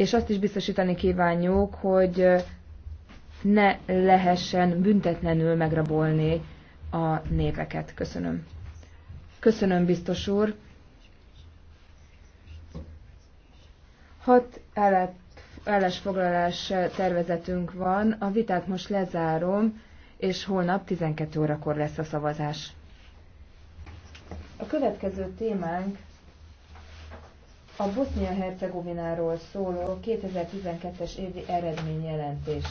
és azt is biztosítani kívánjuk, hogy ne lehessen büntetlenül megrabolni a népeket. Köszönöm. Köszönöm, biztos úr. Hat foglalás tervezetünk van, a vitát most lezárom, és holnap 12 órakor lesz a szavazás. A következő témánk a Bosznia-Hercegovináról szóló 2012-es évi eredményjelentés.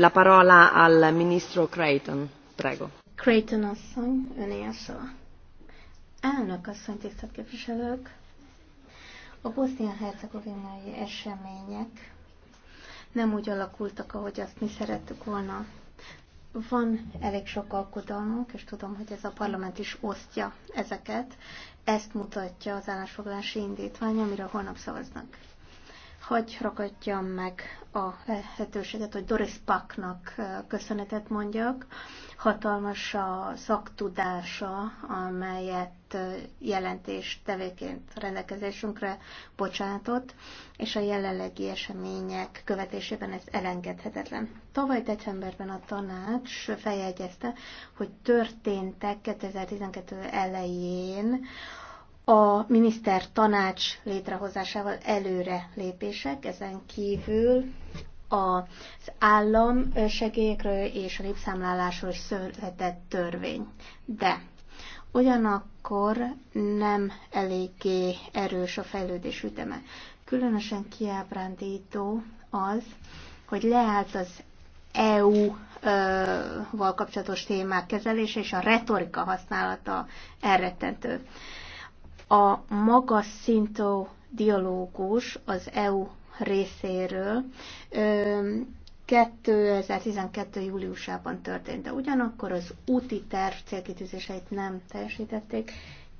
La parola al ministro Creighton. Prego. Creighton asszony, öné a szó. Elnök asszony, tisztelt képviselők! A bosznia-hercegovinai események nem úgy alakultak, ahogy azt mi szerettük volna. Van elég sok alkodalmunk, és tudom, hogy ez a parlament is osztja ezeket. Ezt mutatja az állásfoglalási indítvány, amire holnap szavaznak. Hagy ragadjam meg a lehetőséget, hogy Doris Paknak köszönetet mondjak. Hatalmas a szaktudása, amelyet jelentés tevéként rendelkezésünkre bocsátott, és a jelenlegi események követésében ez elengedhetetlen. Tavaly decemberben a tanács feljegyezte, hogy történtek 2012 elején a miniszter tanács létrehozásával előre lépések, ezen kívül az állam segélyekről és a népszámlálásról is született törvény. De ugyanakkor nem eléggé erős a fejlődés üteme. Különösen kiábrándító az, hogy leállt az EU-val kapcsolatos témák kezelése, és a retorika használata elrettentő. A magas szintű dialógus az EU részéről 2012. júliusában történt, de ugyanakkor az úti terv célkitűzéseit nem teljesítették,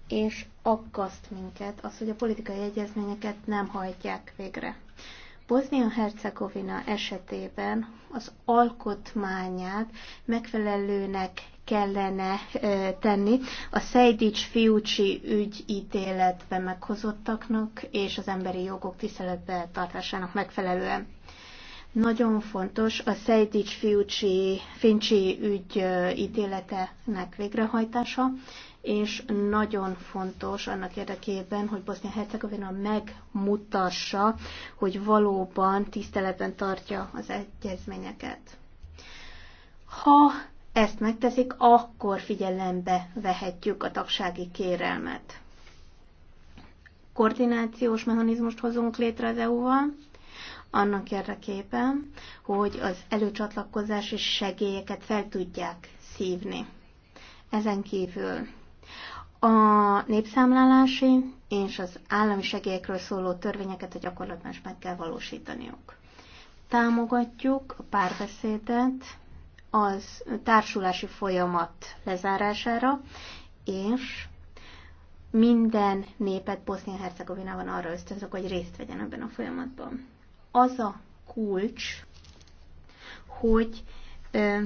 és aggaszt minket az, hogy a politikai egyezményeket nem hajtják végre. Bosnia-Hercegovina esetében az alkotmányát megfelelőnek kellene tenni a Szejdics fiúcsi ügy ítéletben meghozottaknak és az emberi jogok tiszteletbe tartásának megfelelően. Nagyon fontos a Szejdics fiúcsi Fincsi ügy ítéletenek végrehajtása, és nagyon fontos annak érdekében, hogy Bosznia-Hercegovina megmutassa, hogy valóban tiszteletben tartja az egyezményeket. Ha ezt megteszik, akkor figyelembe vehetjük a tagsági kérelmet. Koordinációs mechanizmust hozunk létre az EU-val, annak érdekében, hogy az előcsatlakozási segélyeket fel tudják szívni. Ezen kívül a népszámlálási és az állami segélyekről szóló törvényeket a gyakorlatban is meg kell valósítaniuk. Támogatjuk a párbeszédet, az társulási folyamat lezárására, és minden népet Bosznia-Hercegovinában arra ösztönzök, hogy részt vegyen ebben a folyamatban. Az a kulcs, hogy ö,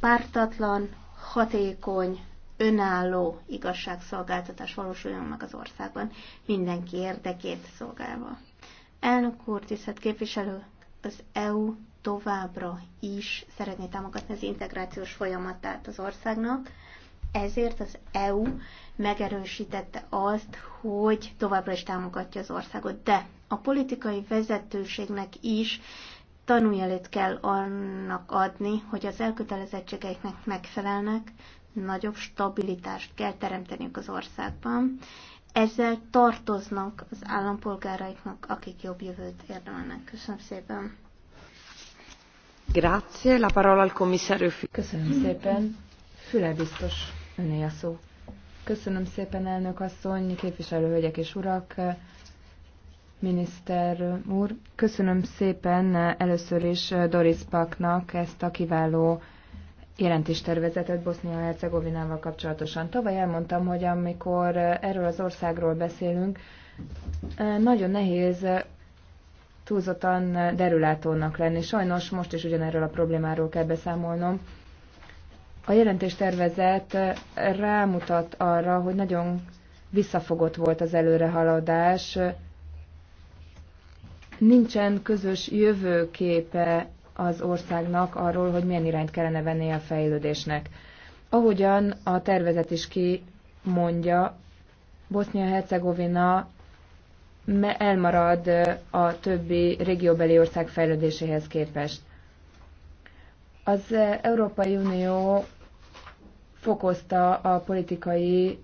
pártatlan, hatékony, önálló igazságszolgáltatás valósuljon meg az országban, mindenki érdekét szolgálva. Elnök úr, tisztelt képviselő, az EU továbbra is szeretné támogatni az integrációs folyamatát az országnak, ezért az EU megerősítette azt, hogy továbbra is támogatja az országot. De a politikai vezetőségnek is tanuljelét kell annak adni, hogy az elkötelezettségeiknek megfelelnek, nagyobb stabilitást kell teremteniük az országban, ezzel tartoznak az állampolgáraiknak, akik jobb jövőt érdemelnek. Köszönöm szépen. Grazie, la parola al commissario. Köszönöm szépen. Füle biztos, öné a szó. Köszönöm szépen, elnök asszony, képviselőhölgyek és urak, miniszter úr. Köszönöm szépen először is Doris Paknak ezt a kiváló jelentéstervezetet Bosznia-Hercegovinával kapcsolatosan. Tavaly elmondtam, hogy amikor erről az országról beszélünk, nagyon nehéz túlzottan derülátónak lenni. Sajnos most is ugyanerről a problémáról kell beszámolnom. A jelentéstervezet rámutat arra, hogy nagyon visszafogott volt az előrehaladás, nincsen közös jövőképe az országnak arról, hogy milyen irányt kellene venni a fejlődésnek. Ahogyan a tervezet is mondja, Bosznia-Hercegovina elmarad a többi régióbeli ország fejlődéséhez képest. Az Európai Unió fokozta a politikai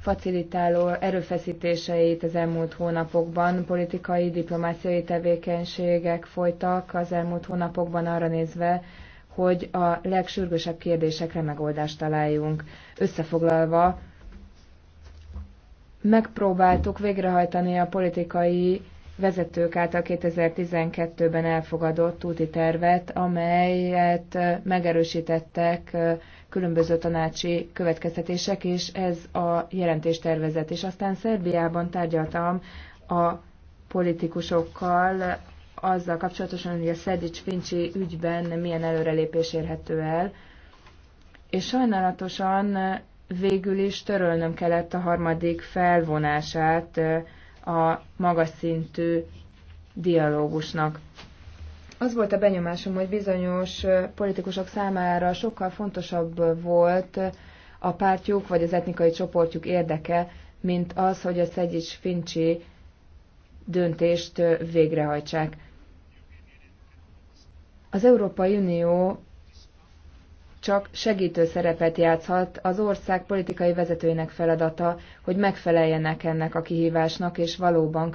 facilitáló erőfeszítéseit az elmúlt hónapokban. Politikai, diplomáciai tevékenységek folytak az elmúlt hónapokban arra nézve, hogy a legsürgősebb kérdésekre megoldást találjunk. Összefoglalva, megpróbáltuk végrehajtani a politikai vezetők által 2012-ben elfogadott úti tervet, amelyet megerősítettek különböző tanácsi következtetések, és ez a jelentéstervezet. És aztán Szerbiában tárgyaltam a politikusokkal azzal kapcsolatosan, hogy a Szedics Fincsi ügyben milyen előrelépés érhető el, és sajnálatosan végül is törölnöm kellett a harmadik felvonását a magas szintű dialógusnak. Az volt a benyomásom, hogy bizonyos politikusok számára sokkal fontosabb volt a pártjuk vagy az etnikai csoportjuk érdeke, mint az, hogy a Szegyics Fincsi döntést végrehajtsák. Az Európai Unió csak segítő szerepet játszhat, az ország politikai vezetőinek feladata, hogy megfeleljenek ennek a kihívásnak, és valóban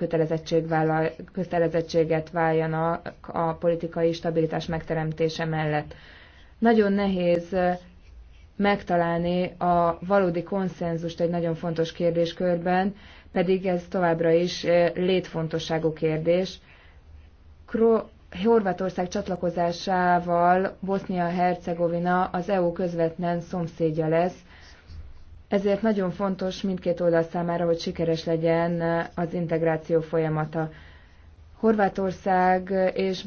kötelezettséget váljanak a politikai stabilitás megteremtése mellett. Nagyon nehéz megtalálni a valódi konszenzust egy nagyon fontos kérdéskörben, pedig ez továbbra is létfontosságú kérdés. Kro- Horvátország csatlakozásával Bosznia-Hercegovina az EU közvetlen szomszédja lesz, ezért nagyon fontos mindkét oldal számára, hogy sikeres legyen az integráció folyamata. Horvátország és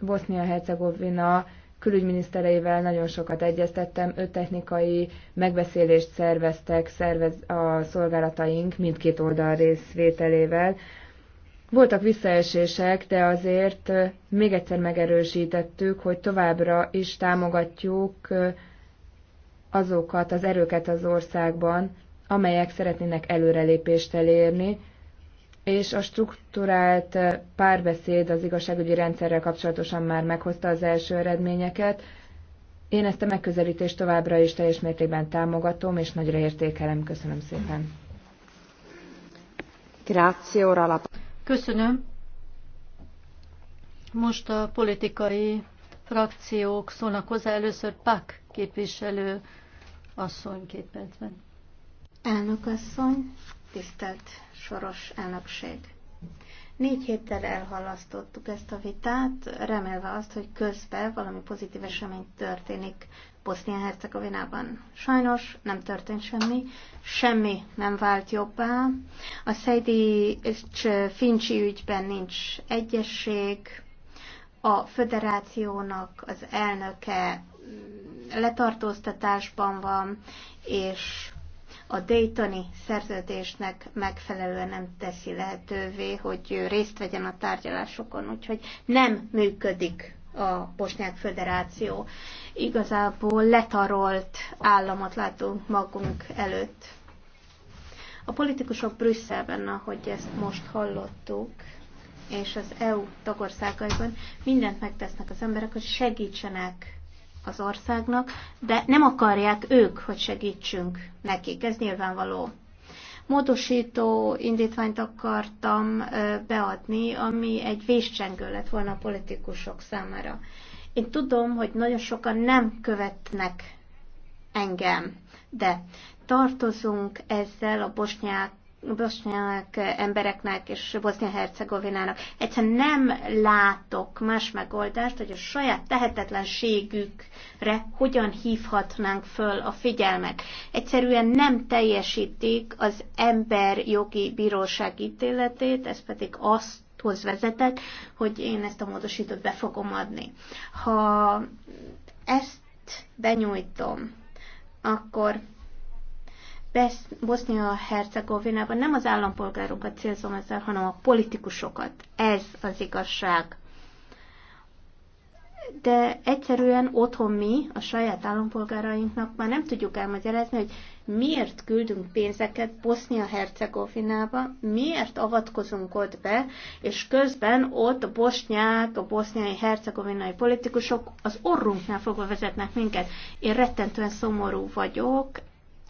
Bosznia-Hercegovina külügyminisztereivel nagyon sokat egyeztettem, öt technikai megbeszélést szerveztek szervez a szolgálataink mindkét oldal részvételével, voltak visszaesések, de azért még egyszer megerősítettük, hogy továbbra is támogatjuk azokat az erőket az országban, amelyek szeretnének előrelépést elérni, és a struktúrált párbeszéd az igazságügyi rendszerrel kapcsolatosan már meghozta az első eredményeket. Én ezt a megközelítést továbbra is teljes mértékben támogatom, és nagyra értékelem. Köszönöm szépen. Grazie, ora Köszönöm. Most a politikai frakciók szólnak hozzá. Először PAK képviselő asszony két percben. Elnök asszony, tisztelt soros elnökség. Négy héttel elhalasztottuk ezt a vitát, remélve azt, hogy közben valami pozitív esemény történik. Bosznia-Hercegovinában. Sajnos nem történt semmi, semmi nem vált jobbá. A Szejdi és Fincsi ügyben nincs egyesség, a föderációnak az elnöke letartóztatásban van, és a Daytoni szerződésnek megfelelően nem teszi lehetővé, hogy részt vegyen a tárgyalásokon, úgyhogy nem működik a Bosnyák Föderáció. Igazából letarolt államot látunk magunk előtt. A politikusok Brüsszelben, ahogy ezt most hallottuk, és az EU tagországaiban mindent megtesznek az emberek, hogy segítsenek az országnak, de nem akarják ők, hogy segítsünk nekik. Ez nyilvánvaló módosító indítványt akartam beadni, ami egy véscsengő lett volna a politikusok számára. Én tudom, hogy nagyon sokan nem követnek engem, de tartozunk ezzel a bosnyák bosnyák embereknek és Bosznia-Hercegovinának. Egyszerűen nem látok más megoldást, hogy a saját tehetetlenségükre hogyan hívhatnánk föl a figyelmet. Egyszerűen nem teljesítik az jogi bíróság ítéletét, ez pedig azt hoz vezetett, hogy én ezt a módosítót be fogom adni. Ha ezt benyújtom, akkor Bosznia-Hercegovinában nem az állampolgárokat célzom ezzel, hanem a politikusokat. Ez az igazság. De egyszerűen otthon mi, a saját állampolgárainknak már nem tudjuk elmagyarázni, hogy miért küldünk pénzeket Bosznia-Hercegovinába, miért avatkozunk ott be, és közben ott a bosnyák, a boszniai hercegovinai politikusok az orrunknál fogva vezetnek minket. Én rettentően szomorú vagyok,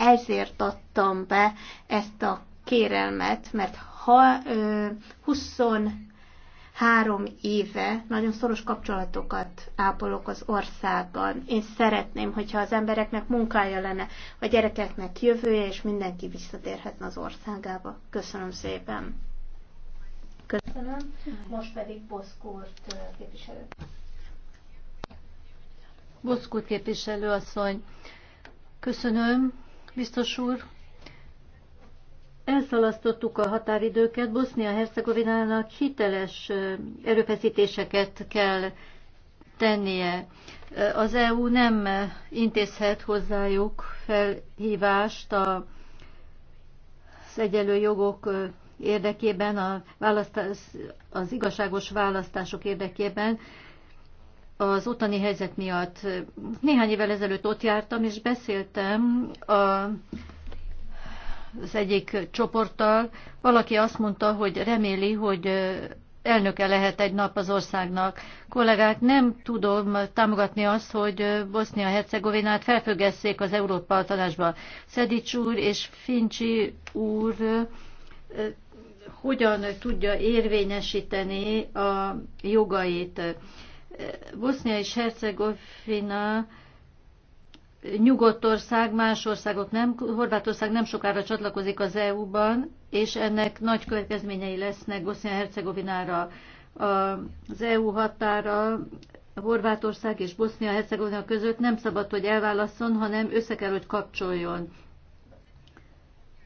ezért adtam be ezt a kérelmet, mert ha 23 éve nagyon szoros kapcsolatokat ápolok az országgal. Én szeretném, hogyha az embereknek munkája lenne, a gyerekeknek jövője, és mindenki visszatérhetne az országába. Köszönöm szépen. Köszönöm. Most pedig Boszkurt képviselő. Boszkurt képviselő asszony, köszönöm biztos úr. Elszalasztottuk a határidőket. Bosznia-Hercegovinának hiteles erőfeszítéseket kell tennie. Az EU nem intézhet hozzájuk felhívást a az egyenlő jogok érdekében, a választás, az igazságos választások érdekében, az ottani helyzet miatt. Néhány évvel ezelőtt ott jártam, és beszéltem a, az egyik csoporttal. Valaki azt mondta, hogy reméli, hogy elnöke lehet egy nap az országnak. Kollégák, nem tudom támogatni azt, hogy Bosznia-Hercegovinát felfüggesszék az Európa Tanácsba. Szedics úr és Fincsi úr hogyan tudja érvényesíteni a jogait. Bosznia és Hercegovina nyugodt ország, más országok nem, Horvátország nem sokára csatlakozik az EU-ban, és ennek nagy következményei lesznek Bosznia-Hercegovinára. Az EU határa Horvátország és Bosznia-Hercegovina között nem szabad, hogy elválasszon, hanem össze kell, hogy kapcsoljon.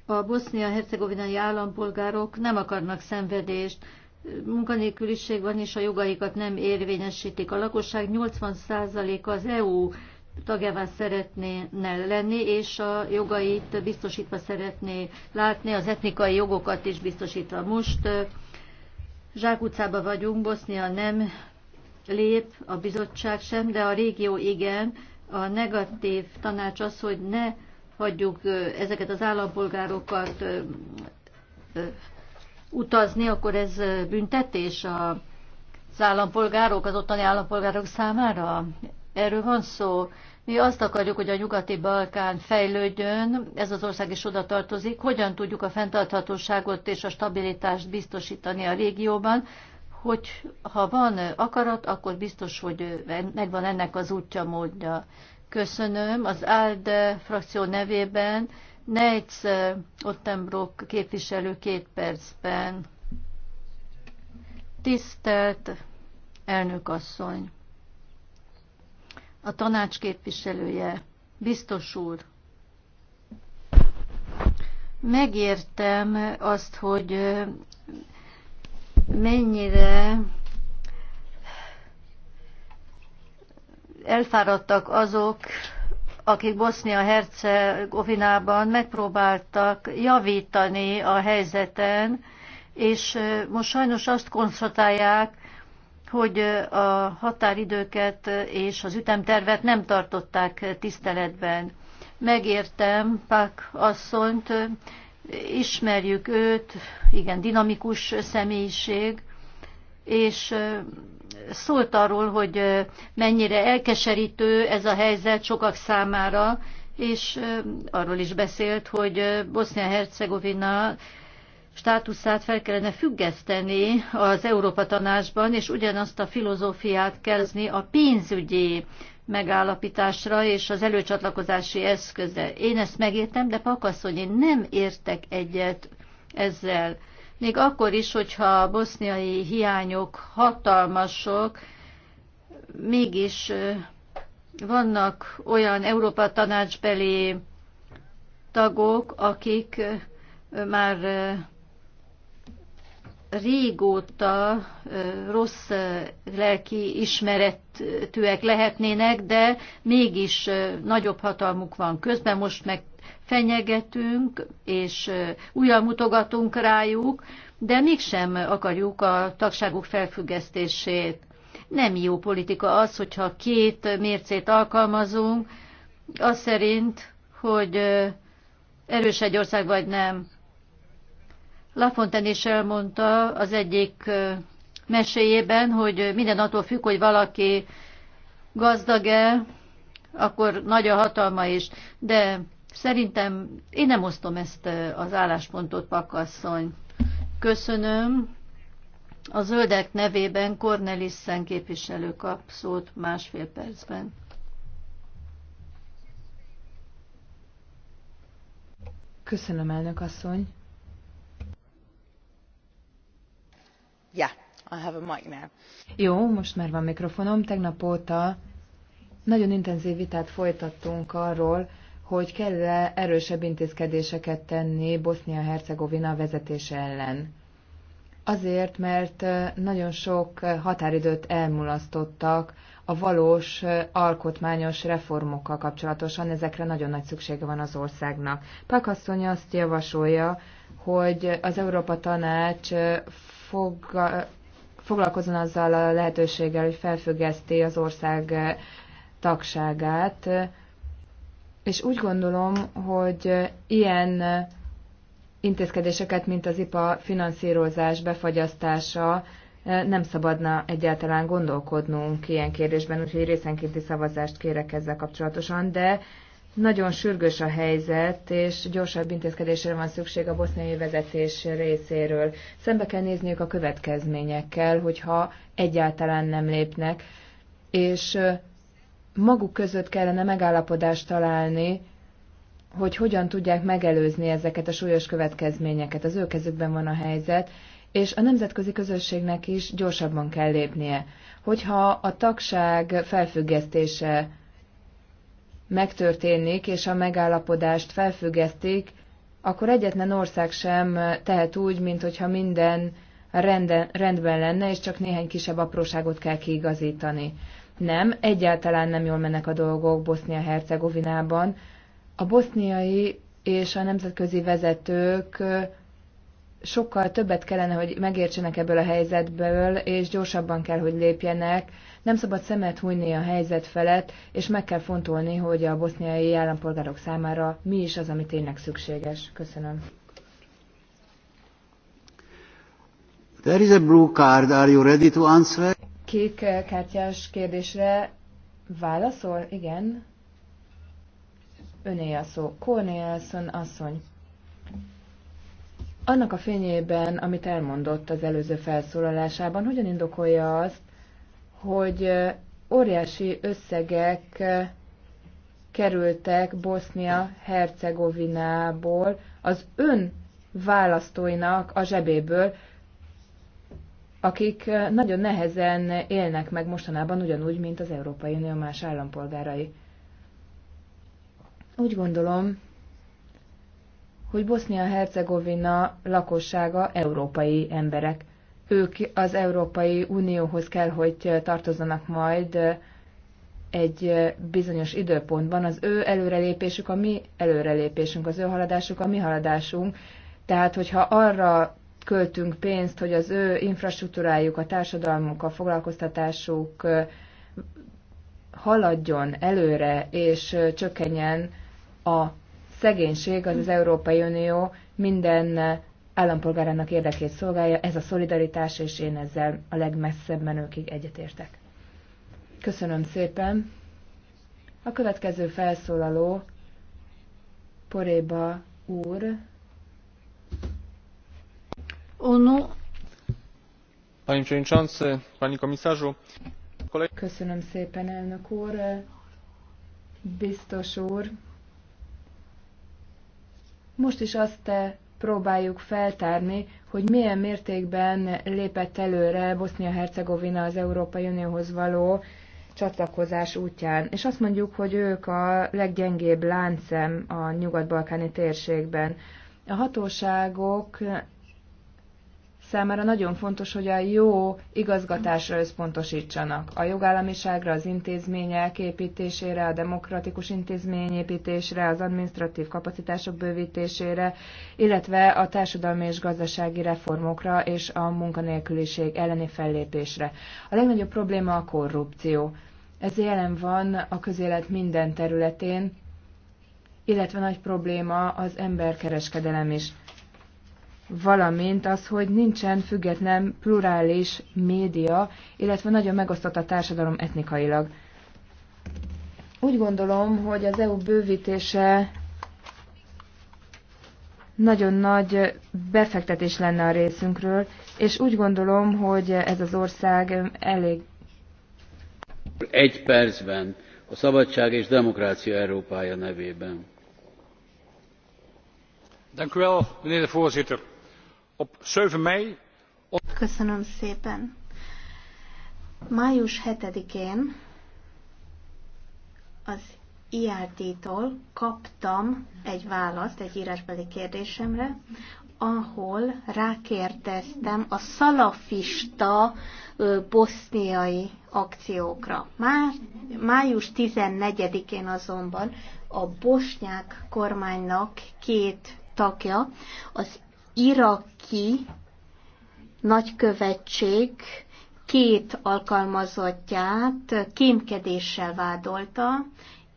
A bosznia-hercegovinai állampolgárok nem akarnak szenvedést, munkanélküliség van, és a jogaikat nem érvényesítik. A lakosság 80%-a az EU tagjává szeretné lenni, és a jogait biztosítva szeretné látni, az etnikai jogokat is biztosítva. Most utcában vagyunk, Bosznia nem lép, a bizottság sem, de a régió igen. A negatív tanács az, hogy ne hagyjuk ezeket az állampolgárokat utazni, akkor ez büntetés az állampolgárok, az ottani állampolgárok számára? Erről van szó. Mi azt akarjuk, hogy a nyugati Balkán fejlődjön, ez az ország is oda tartozik. Hogyan tudjuk a fenntarthatóságot és a stabilitást biztosítani a régióban? Hogy ha van akarat, akkor biztos, hogy megvan ennek az útja, módja. Köszönöm az ALDE frakció nevében. Neitz Ottenbrock képviselő két percben. Tisztelt elnökasszony, a tanács képviselője, biztos úr, megértem azt, hogy mennyire elfáradtak azok, akik Bosznia-Hercegovinában megpróbáltak javítani a helyzeten, és most sajnos azt konstatálják, hogy a határidőket és az ütemtervet nem tartották tiszteletben. Megértem Pak asszonyt, ismerjük őt, igen, dinamikus személyiség, és szólt arról, hogy mennyire elkeserítő ez a helyzet sokak számára, és arról is beszélt, hogy Bosznia-Hercegovina státuszát fel kellene függeszteni az Európa Tanácsban, és ugyanazt a filozófiát kezdni a pénzügyi megállapításra és az előcsatlakozási eszközre. Én ezt megértem, de Pakaszony, én nem értek egyet ezzel még akkor is, hogyha a boszniai hiányok hatalmasok, mégis vannak olyan Európa tanácsbeli tagok, akik már régóta rossz lelki ismeretűek lehetnének, de mégis nagyobb hatalmuk van. Közben most meg fenyegetünk, és újra mutogatunk rájuk, de mégsem akarjuk a tagságuk felfüggesztését. Nem jó politika az, hogyha két mércét alkalmazunk, az szerint, hogy erős egy ország vagy nem. Lafontaine is elmondta az egyik meséjében, hogy minden attól függ, hogy valaki gazdag-e, akkor nagy a hatalma is, de Szerintem én nem osztom ezt az álláspontot, pakasszony. Köszönöm. A zöldek nevében Cornelissen képviselő kap szót másfél percben. Köszönöm, elnök asszony. Yeah, I have a mic now. Jó, most már van mikrofonom. Tegnap óta nagyon intenzív vitát folytattunk arról, hogy kell-e erősebb intézkedéseket tenni Bosznia-Hercegovina vezetése ellen. Azért, mert nagyon sok határidőt elmulasztottak a valós alkotmányos reformokkal kapcsolatosan, ezekre nagyon nagy szüksége van az országnak. Pakasszony azt javasolja, hogy az Európa Tanács fog, foglalkozon azzal a lehetőséggel, hogy felfüggeszti az ország tagságát, és úgy gondolom, hogy ilyen intézkedéseket, mint az IPA finanszírozás befagyasztása, nem szabadna egyáltalán gondolkodnunk ilyen kérdésben, úgyhogy részenkénti szavazást kérek ezzel kapcsolatosan, de nagyon sürgős a helyzet, és gyorsabb intézkedésre van szükség a boszniai vezetés részéről. Szembe kell nézniük a következményekkel, hogyha egyáltalán nem lépnek, és maguk között kellene megállapodást találni, hogy hogyan tudják megelőzni ezeket a súlyos következményeket. Az ő kezükben van a helyzet, és a nemzetközi közösségnek is gyorsabban kell lépnie. Hogyha a tagság felfüggesztése megtörténik, és a megállapodást felfüggesztik, akkor egyetlen ország sem tehet úgy, mint hogyha minden rendben lenne, és csak néhány kisebb apróságot kell kiigazítani. Nem, egyáltalán nem jól mennek a dolgok Bosznia-Hercegovinában. A boszniai és a nemzetközi vezetők sokkal többet kellene, hogy megértsenek ebből a helyzetből, és gyorsabban kell, hogy lépjenek. Nem szabad szemet hújni a helyzet felett, és meg kell fontolni, hogy a boszniai állampolgárok számára mi is az, ami tényleg szükséges. Köszönöm. There is a blue card. Are you ready to answer? kék kártyás kérdésre válaszol? Igen. Öné a szó. Cornelson asszony. Annak a fényében, amit elmondott az előző felszólalásában, hogyan indokolja azt, hogy eh, óriási összegek eh, kerültek Bosznia-Hercegovinából az ön választóinak a zsebéből, akik nagyon nehezen élnek meg mostanában ugyanúgy, mint az Európai Unió más állampolgárai. Úgy gondolom, hogy Bosznia-Hercegovina lakossága európai emberek. Ők az Európai Unióhoz kell, hogy tartozzanak majd egy bizonyos időpontban. Az ő előrelépésük a mi előrelépésünk, az ő haladásuk a mi haladásunk. Tehát, hogyha arra költünk pénzt, hogy az ő infrastruktúrájuk, a társadalmuk, a foglalkoztatásuk haladjon előre, és csökkenjen a szegénység, az az Európai Unió minden állampolgárának érdekét szolgálja. Ez a szolidaritás, és én ezzel a legmesszebb menőkig egyetértek. Köszönöm szépen. A következő felszólaló Poréba úr, Panie Przewodniczący, Panie Komisarzu. Köszönöm szépen, elnök úr. Biztos úr. Most is azt eh, próbáljuk feltárni, hogy milyen mértékben lépett előre Bosznia-Hercegovina az Európai Unióhoz való csatlakozás útján. És azt mondjuk, hogy ők a leggyengébb láncem a nyugat-balkáni térségben. A hatóságok számára nagyon fontos, hogy a jó igazgatásra összpontosítsanak. A jogállamiságra, az intézmények építésére, a demokratikus intézményépítésre, az administratív kapacitások bővítésére, illetve a társadalmi és gazdasági reformokra és a munkanélküliség elleni fellépésre. A legnagyobb probléma a korrupció. Ez jelen van a közélet minden területén, illetve nagy probléma az emberkereskedelem is valamint az, hogy nincsen független, plurális média, illetve nagyon megosztott a társadalom etnikailag. Úgy gondolom, hogy az EU bővítése nagyon nagy befektetés lenne a részünkről, és úgy gondolom, hogy ez az ország elég. Egy percben a Szabadság és Demokrácia Európája nevében. Dank u wel, meneer de voorzitter op 7 mei... Köszönöm szépen. Május 7-én az IRT-tól e kaptam egy választ egy írásbeli kérdésemre, ahol rákérdeztem a szalafista ö, boszniai akciókra. Már május 14-én azonban a bosnyák kormánynak két tagja az iraki nagykövetség két alkalmazottját kémkedéssel vádolta,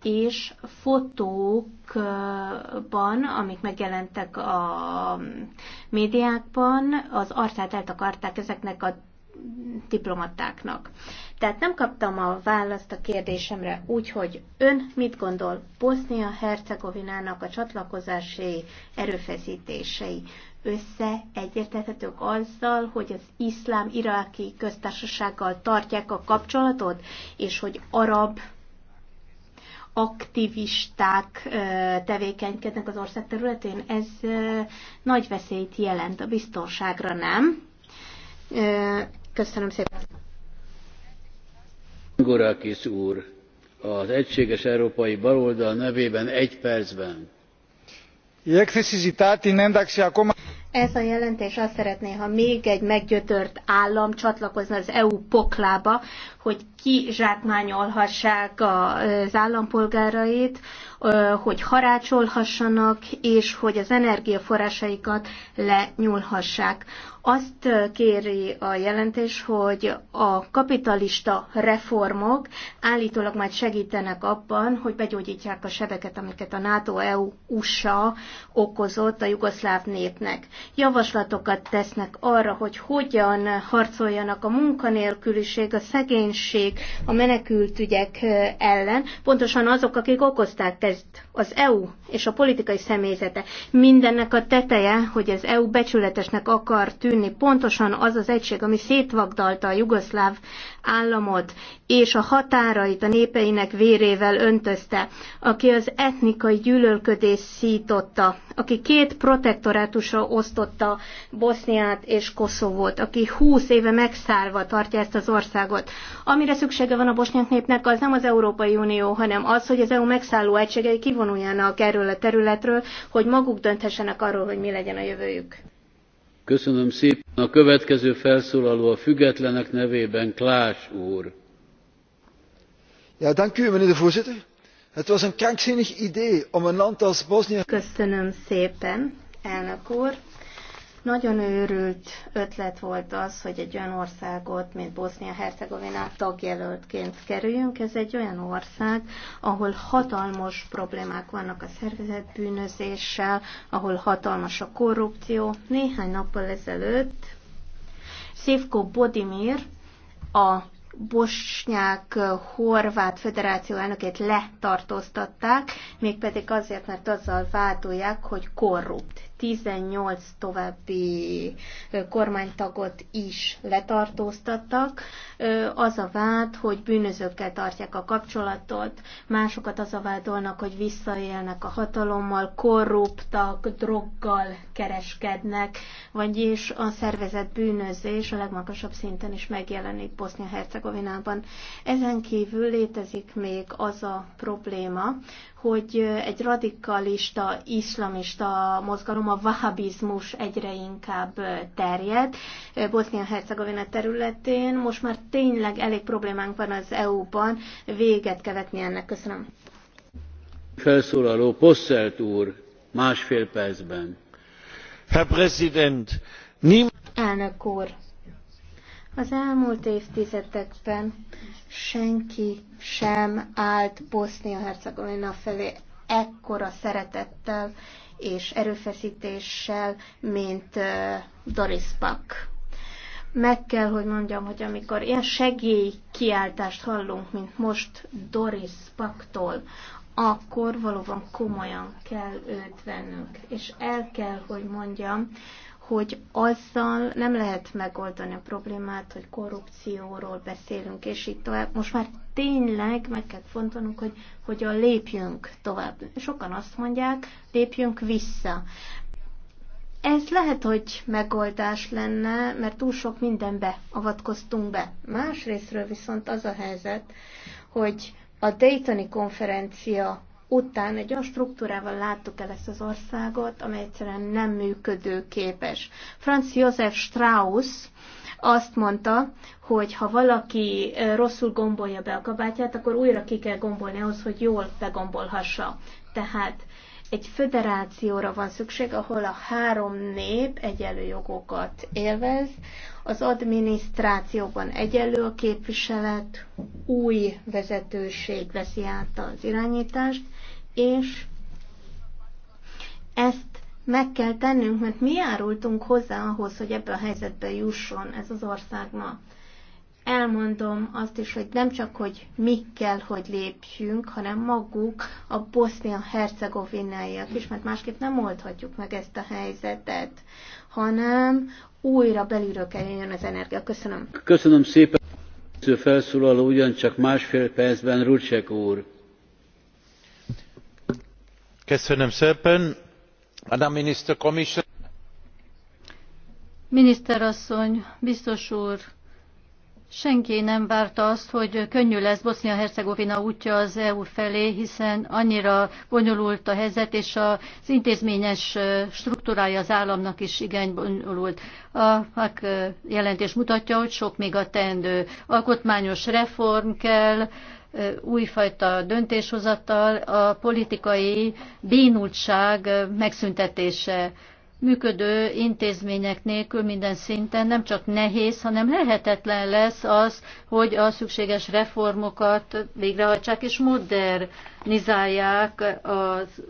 és fotókban, amik megjelentek a médiákban, az arcát eltakarták ezeknek a diplomatáknak. Tehát nem kaptam a választ a kérdésemre, úgyhogy ön mit gondol Bosznia-Hercegovinának a csatlakozási erőfeszítései összeegyeztethetők azzal, hogy az iszlám iráki köztársasággal tartják a kapcsolatot, és hogy arab aktivisták tevékenykednek az ország területén, ez nagy veszélyt jelent a biztonságra, nem? Köszönöm szépen. Gorakis úr, az Egységes Európai Baloldal nevében egy percben. Η έκθεση ζητά την ένταξη ακόμα... Ez a jelentés azt szeretné, ha még egy meggyötört állam csatlakozna az EU poklába, hogy ki zsákmányolhassák az állampolgárait, hogy harácsolhassanak, és hogy az energiaforrásaikat lenyúlhassák. Azt kéri a jelentés, hogy a kapitalista reformok állítólag majd segítenek abban, hogy begyógyítják a sebeket, amiket a NATO-EU USA okozott a jugoszláv népnek. Javaslatokat tesznek arra, hogy hogyan harcoljanak a munkanélküliség, a szegénység, ellenség a menekültügyek ellen, pontosan azok, akik okozták ezt az EU és a politikai személyzete. Mindennek a teteje, hogy az EU becsületesnek akar tűnni, pontosan az az egység, ami szétvagdalta a jugoszláv államot, és a határait a népeinek vérével öntözte, aki az etnikai gyűlölködés szította, aki két protektorátusra osztotta Boszniát és Koszovót, aki húsz éve megszállva tartja ezt az országot, Amire szüksége van a bosnyák népnek, az nem az Európai Unió, hanem az, hogy az EU megszálló egységei kivonuljanak erről a területről, hogy maguk dönthessenek arról, hogy mi legyen a jövőjük. Köszönöm szépen. A következő felszólaló a függetlenek nevében Klás úr. Ja, dank u, meneer de voorzitter. Het was een krankzinnig idee om een land als Bosnië... Köszönöm szépen, elnök úr. Nagyon őrült ötlet volt az, hogy egy olyan országot, mint Bosznia-Hercegovina tagjelöltként kerüljünk. Ez egy olyan ország, ahol hatalmas problémák vannak a szervezetbűnözéssel, ahol hatalmas a korrupció. Néhány nappal ezelőtt Szívko Bodimir, a Bosnyák-Horvát Föderáció elnökét letartóztatták, mégpedig azért, mert azzal vádolják, hogy korrupt. 18 további kormánytagot is letartóztattak. Az a vád, hogy bűnözőkkel tartják a kapcsolatot, másokat az a vádolnak, hogy visszaélnek a hatalommal, korruptak, droggal kereskednek, vagyis a szervezet bűnözés a legmagasabb szinten is megjelenik Bosznia-Hercegovinában. Ezen kívül létezik még az a probléma, hogy egy radikalista, iszlamista mozgalom, a vahabizmus egyre inkább terjed Bosznia-Hercegovina területén. Most már tényleg elég problémánk van az EU-ban, véget kell vetni ennek. Köszönöm. Felszólaló Posselt úr, másfél percben. Herr Präsident, Elnök úr, az elmúlt évtizedekben senki sem állt Bosznia-Hercegovina felé ekkora szeretettel és erőfeszítéssel, mint Doris Pack. Meg kell, hogy mondjam, hogy amikor ilyen segélykiáltást hallunk, mint most Doris Paktól, akkor valóban komolyan kell őt vennünk. És el kell, hogy mondjam, hogy azzal nem lehet megoldani a problémát, hogy korrupcióról beszélünk, és így tovább. Most már tényleg meg kell fontolnunk, hogy hogyan lépjünk tovább. Sokan azt mondják, lépjünk vissza. Ez lehet, hogy megoldás lenne, mert túl sok mindenbe avatkoztunk be. Másrésztről viszont az a helyzet, hogy a Daytoni konferencia után egy olyan struktúrával láttuk el ezt az országot, amely egyszerűen nem működőképes. Franz Josef Strauss azt mondta, hogy ha valaki rosszul gombolja be a kabátját, akkor újra ki kell gombolni ahhoz, hogy jól begombolhassa. Tehát egy föderációra van szükség, ahol a három nép egyenlő jogokat élvez, az adminisztrációban egyenlő a képviselet, új vezetőség veszi át az irányítást, és ezt meg kell tennünk, mert mi árultunk hozzá ahhoz, hogy ebbe a helyzetbe jusson ez az ország ma. Elmondom azt is, hogy nem csak, hogy mi kell, hogy lépjünk, hanem maguk a bosznia-hercegovinaiak is, mert másképp nem oldhatjuk meg ezt a helyzetet, hanem újra belülről kell jön az energia. Köszönöm. Köszönöm szépen. Felszólaló ugyancsak másfél percben Rucsek úr miniszter asszony biztos úr senki nem várta azt hogy könnyű lesz bosznia hercegovina útja az eu felé hiszen annyira bonyolult a helyzet és az intézményes struktúrája az államnak is igen bonyolult. a pack jelentés mutatja hogy sok még a teendő. alkotmányos reform kell újfajta döntéshozattal, a politikai bénultság megszüntetése működő intézmények nélkül minden szinten nem csak nehéz, hanem lehetetlen lesz az, hogy a szükséges reformokat végrehajtsák és modernizálják az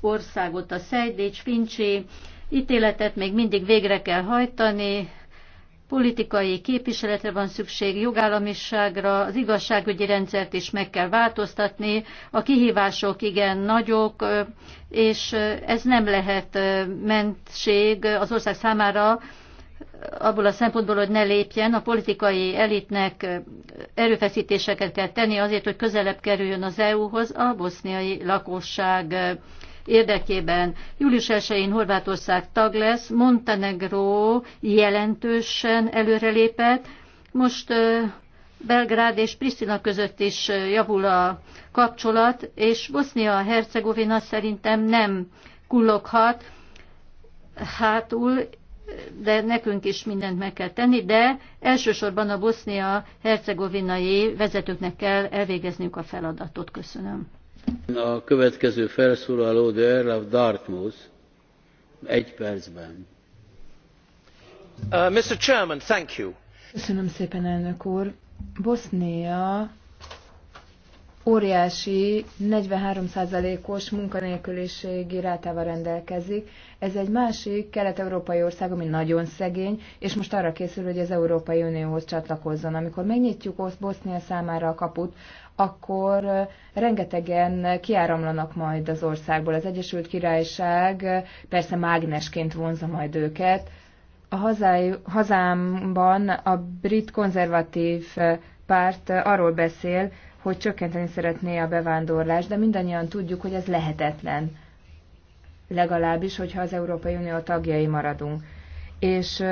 országot. A Szejdécs Fincsi ítéletet még mindig végre kell hajtani, politikai képviseletre van szükség, jogállamiságra, az igazságügyi rendszert is meg kell változtatni, a kihívások igen nagyok, és ez nem lehet mentség az ország számára, abból a szempontból, hogy ne lépjen, a politikai elitnek erőfeszítéseket kell tenni azért, hogy közelebb kerüljön az EU-hoz a boszniai lakosság érdekében. Július 1-én Horvátország tag lesz, Montenegró jelentősen előrelépett, most Belgrád és Pristina között is javul a kapcsolat, és Bosznia-Hercegovina szerintem nem kulloghat hátul, de nekünk is mindent meg kell tenni, de elsősorban a bosznia-hercegovinai vezetőknek kell elvégezniük a feladatot. Köszönöm. A következő felszólaló de Earl Dartmouth egy percben. Uh, Mr. Chairman, thank you. Köszönöm szépen, elnök úr. Bosznia óriási 43%-os munkanélküliségi rátával rendelkezik. Ez egy másik kelet-európai ország, ami nagyon szegény, és most arra készül, hogy az Európai Unióhoz csatlakozzon. Amikor megnyitjuk Bosznia számára a kaput, akkor rengetegen kiáramlanak majd az országból. Az Egyesült Királyság persze mágnesként vonza majd őket. A hazáj, hazámban a brit konzervatív párt arról beszél, hogy csökkenteni szeretné a bevándorlást, de mindannyian tudjuk, hogy ez lehetetlen legalábbis, hogyha az Európai Unió tagjai maradunk. És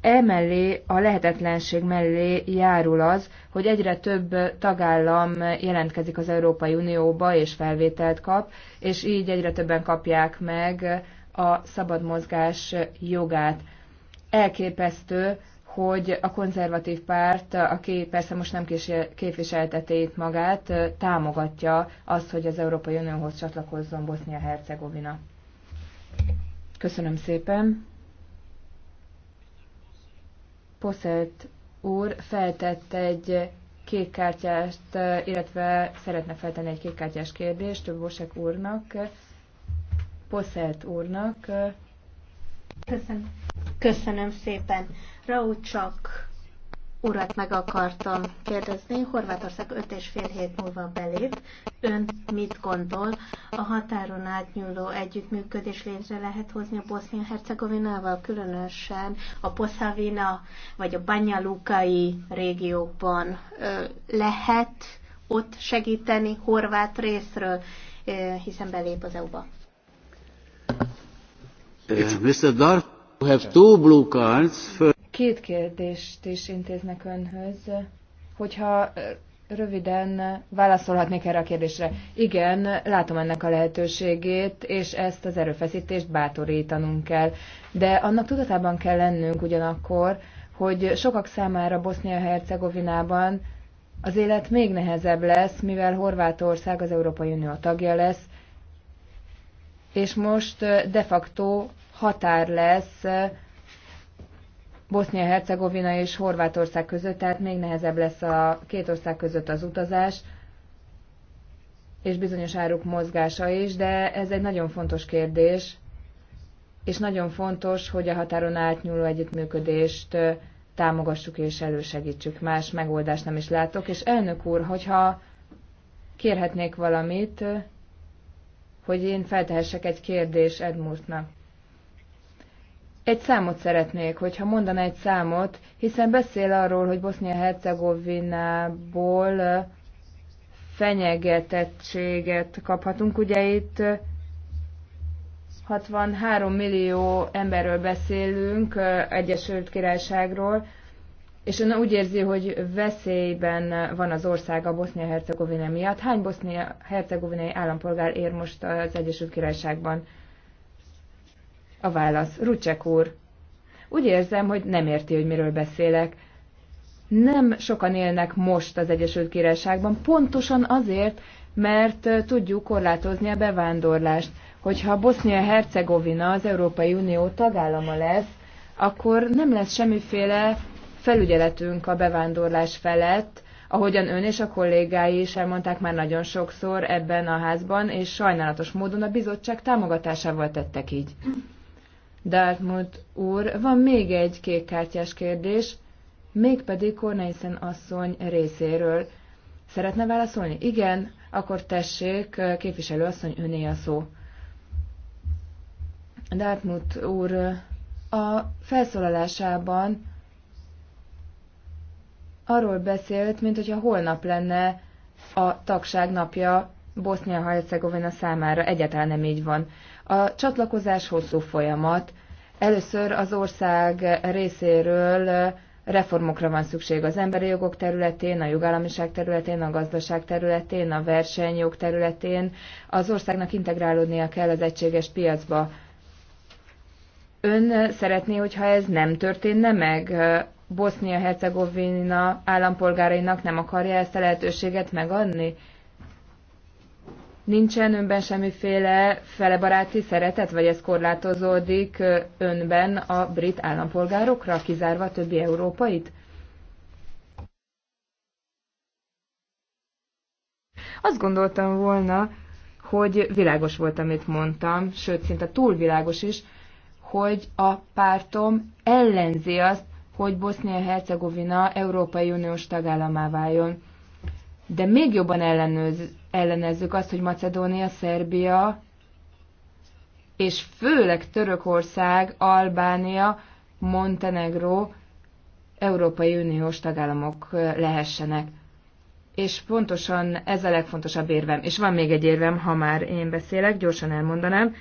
emellé, a lehetetlenség mellé járul az, hogy egyre több tagállam jelentkezik az Európai Unióba és felvételt kap, és így egyre többen kapják meg a szabad mozgás jogát. Elképesztő, hogy a konzervatív párt, aki persze most nem képviselteti itt magát, támogatja azt, hogy az Európai Unióhoz csatlakozzon bosnia hercegovina Köszönöm szépen. Poszelt úr feltett egy kékkártyást, illetve szeretne feltenni egy kékkártyás kérdést Bosek úrnak, Poszelt úrnak. Köszönöm. Köszönöm szépen csak urat meg akartam kérdezni. Horvátország 5 és fél hét múlva belép. Ön mit gondol? A határon átnyúló együttműködés létre lehet hozni a Bosznia-Hercegovinával, különösen a Poszavina vagy a Banyalukai régiókban. Lehet ott segíteni horvát részről, hiszen belép az EU-ba. Uh, Mr. Darf, you have two blue cards. First Két kérdést is intéznek önhöz, hogyha röviden válaszolhatnék erre a kérdésre. Igen, látom ennek a lehetőségét, és ezt az erőfeszítést bátorítanunk kell. De annak tudatában kell lennünk ugyanakkor, hogy sokak számára Bosznia-Hercegovinában az élet még nehezebb lesz, mivel Horvátország az Európai Unió tagja lesz, és most de facto határ lesz Bosznia-Hercegovina és Horvátország között, tehát még nehezebb lesz a két ország között az utazás, és bizonyos áruk mozgása is, de ez egy nagyon fontos kérdés, és nagyon fontos, hogy a határon átnyúló együttműködést támogassuk és elősegítsük. Más megoldást nem is látok. És elnök úr, hogyha kérhetnék valamit, hogy én feltehessek egy kérdés Edmurtnak. Egy számot szeretnék, hogyha mondaná egy számot, hiszen beszél arról, hogy Bosznia-Hercegovinából fenyegetettséget kaphatunk. Ugye itt 63 millió emberről beszélünk, Egyesült Királyságról, és ön úgy érzi, hogy veszélyben van az ország a Bosznia-Hercegovina miatt. Hány bosznia-hercegovinai állampolgár ér most az Egyesült Királyságban? A válasz, Rucsek úr. Úgy érzem, hogy nem érti, hogy miről beszélek. Nem sokan élnek most az Egyesült Királyságban, pontosan azért, mert tudjuk korlátozni a bevándorlást. Hogyha Bosznia-Hercegovina az Európai Unió tagállama lesz, akkor nem lesz semmiféle felügyeletünk a bevándorlás felett, ahogyan ön és a kollégái is elmondták már nagyon sokszor ebben a házban, és sajnálatos módon a bizottság támogatásával tettek így. Dartmouth úr, van még egy kékkártyás kérdés, mégpedig Cornelissen asszony részéről. Szeretne válaszolni? Igen, akkor tessék, képviselő asszony, öné a szó. Dartmouth úr, a felszólalásában arról beszélt, mint hogyha holnap lenne a tagság napja Bosznia-Hercegovina számára. Egyáltalán nem így van. A csatlakozás hosszú folyamat. Először az ország részéről reformokra van szükség az emberi jogok területén, a jogállamiság területén, a gazdaság területén, a versenyjog területén. Az országnak integrálódnia kell az egységes piacba. Ön szeretné, hogyha ez nem történne meg? Bosznia-Hercegovina állampolgárainak nem akarja ezt a lehetőséget megadni? nincsen önben semmiféle felebaráti szeretet, vagy ez korlátozódik önben a brit állampolgárokra, kizárva a többi európait? Azt gondoltam volna, hogy világos volt, amit mondtam, sőt, szinte túl világos is, hogy a pártom ellenzi azt, hogy Bosznia-Hercegovina Európai Uniós tagállamá váljon de még jobban ellenőz, ellenezzük azt, hogy Macedónia, Szerbia és főleg Törökország, Albánia, Montenegro Európai Uniós tagállamok lehessenek. És pontosan ez a legfontosabb érvem. És van még egy érvem, ha már én beszélek, gyorsan elmondanám.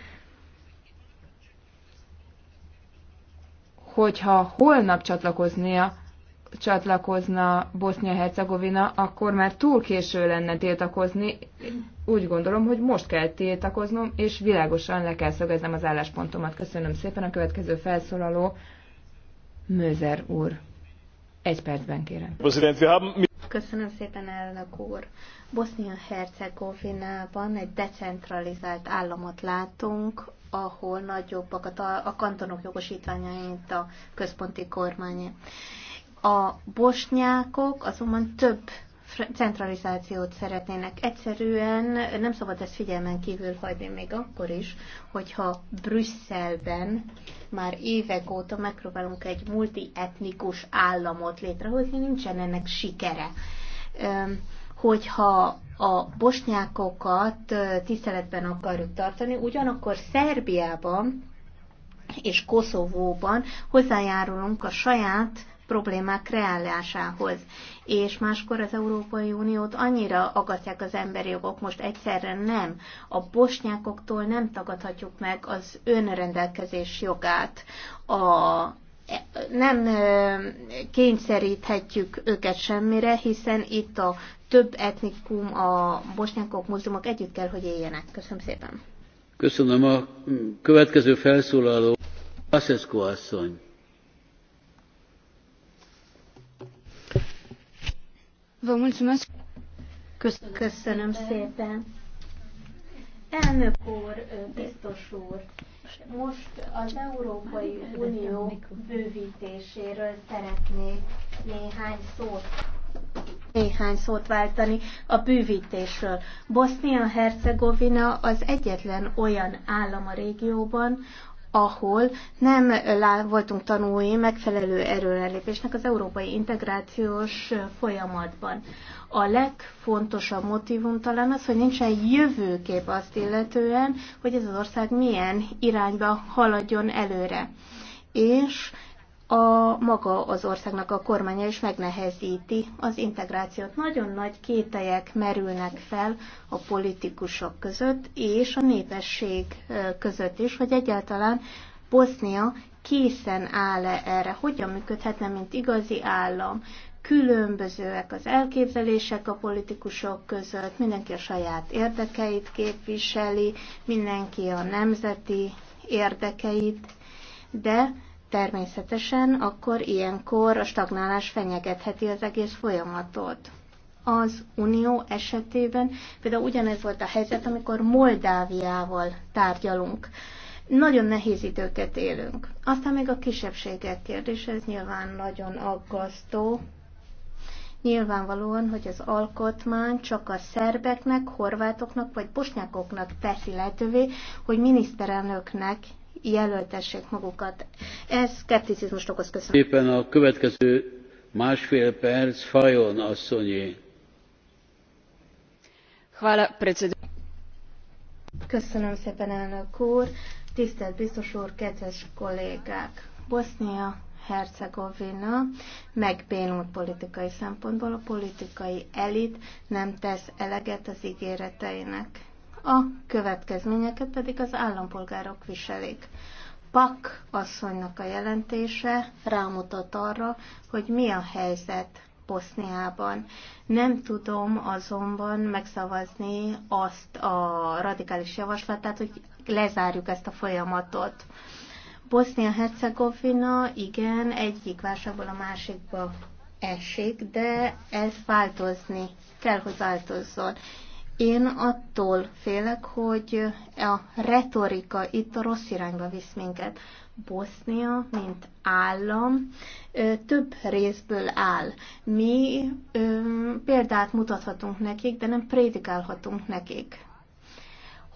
Hogyha holnap csatlakoznia csatlakozna Bosznia-Hercegovina, akkor már túl késő lenne tiltakozni. Úgy gondolom, hogy most kell tiltakoznom, és világosan le kell szögeznem az álláspontomat. Köszönöm szépen. A következő felszólaló Mözer úr. Egy percben kérem. Köszönöm szépen, elnök úr. Bosznia-Hercegovinában egy decentralizált államot látunk, ahol nagyobbak a, a kantonok jogosítványa mint a központi kormányé. A bosnyákok azonban több centralizációt szeretnének. Egyszerűen nem szabad ezt figyelmen kívül hagyni még akkor is, hogyha Brüsszelben már évek óta megpróbálunk egy multietnikus államot létrehozni, nincsen ennek sikere. Hogyha a bosnyákokat tiszteletben akarjuk tartani, ugyanakkor Szerbiában és Koszovóban hozzájárulunk a saját problémák kreálásához. És máskor az Európai Uniót annyira agatják az emberi jogok, most egyszerre nem. A bosnyákoktól nem tagadhatjuk meg az önrendelkezés jogát. A nem kényszeríthetjük őket semmire, hiszen itt a több etnikum, a bosnyákok, muzlimok együtt kell, hogy éljenek. Köszönöm szépen. Köszönöm. A következő felszólaló Aszeszko asszony. Vă mulțumesc. Köszönöm, Köszönöm szépen. Elnök úr, biztos úr, most az Európai Unió bővítéséről szeretnék néhány szót néhány szót váltani a bővítésről. Bosznia-Hercegovina az egyetlen olyan állam a régióban, ahol nem voltunk tanulói megfelelő erőrelépésnek az európai integrációs folyamatban. A legfontosabb motivum talán az, hogy nincsen jövőkép azt illetően, hogy ez az ország milyen irányba haladjon előre. És a maga az országnak a kormánya is megnehezíti az integrációt. Nagyon nagy kételyek merülnek fel a politikusok között és a népesség között is, hogy egyáltalán Bosznia készen áll-e erre, hogyan működhetne, mint igazi állam. Különbözőek az elképzelések a politikusok között, mindenki a saját érdekeit képviseli, mindenki a nemzeti érdekeit, de Természetesen akkor ilyenkor a stagnálás fenyegetheti az egész folyamatot. Az Unió esetében például ugyanez volt a helyzet, amikor Moldáviával tárgyalunk. Nagyon nehéz időket élünk. Aztán még a kisebbségek kérdése, ez nyilván nagyon aggasztó. Nyilvánvalóan, hogy az alkotmány csak a szerbeknek, horvátoknak vagy bosnyákoknak teszi lehetővé, hogy miniszterelnöknek jelöltessék magukat. Ez szkepticizmust okoz. Köszönöm. Éppen a következő másfél perc Fajon Hvala, Köszönöm szépen, elnök úr. Tisztelt biztos úr, kedves kollégák! Bosznia Hercegovina megbénult politikai szempontból, a politikai elit nem tesz eleget az ígéreteinek a következményeket pedig az állampolgárok viselik. Pak asszonynak a jelentése rámutat arra, hogy mi a helyzet Boszniában. Nem tudom azonban megszavazni azt a radikális javaslatát, hogy lezárjuk ezt a folyamatot. Bosznia-Hercegovina igen, egyik válságból a másikba esik, de ez változni kell, hogy változzon. Én attól félek, hogy a retorika itt a rossz irányba visz minket. Bosznia, mint állam, több részből áll. Mi példát mutathatunk nekik, de nem prédikálhatunk nekik.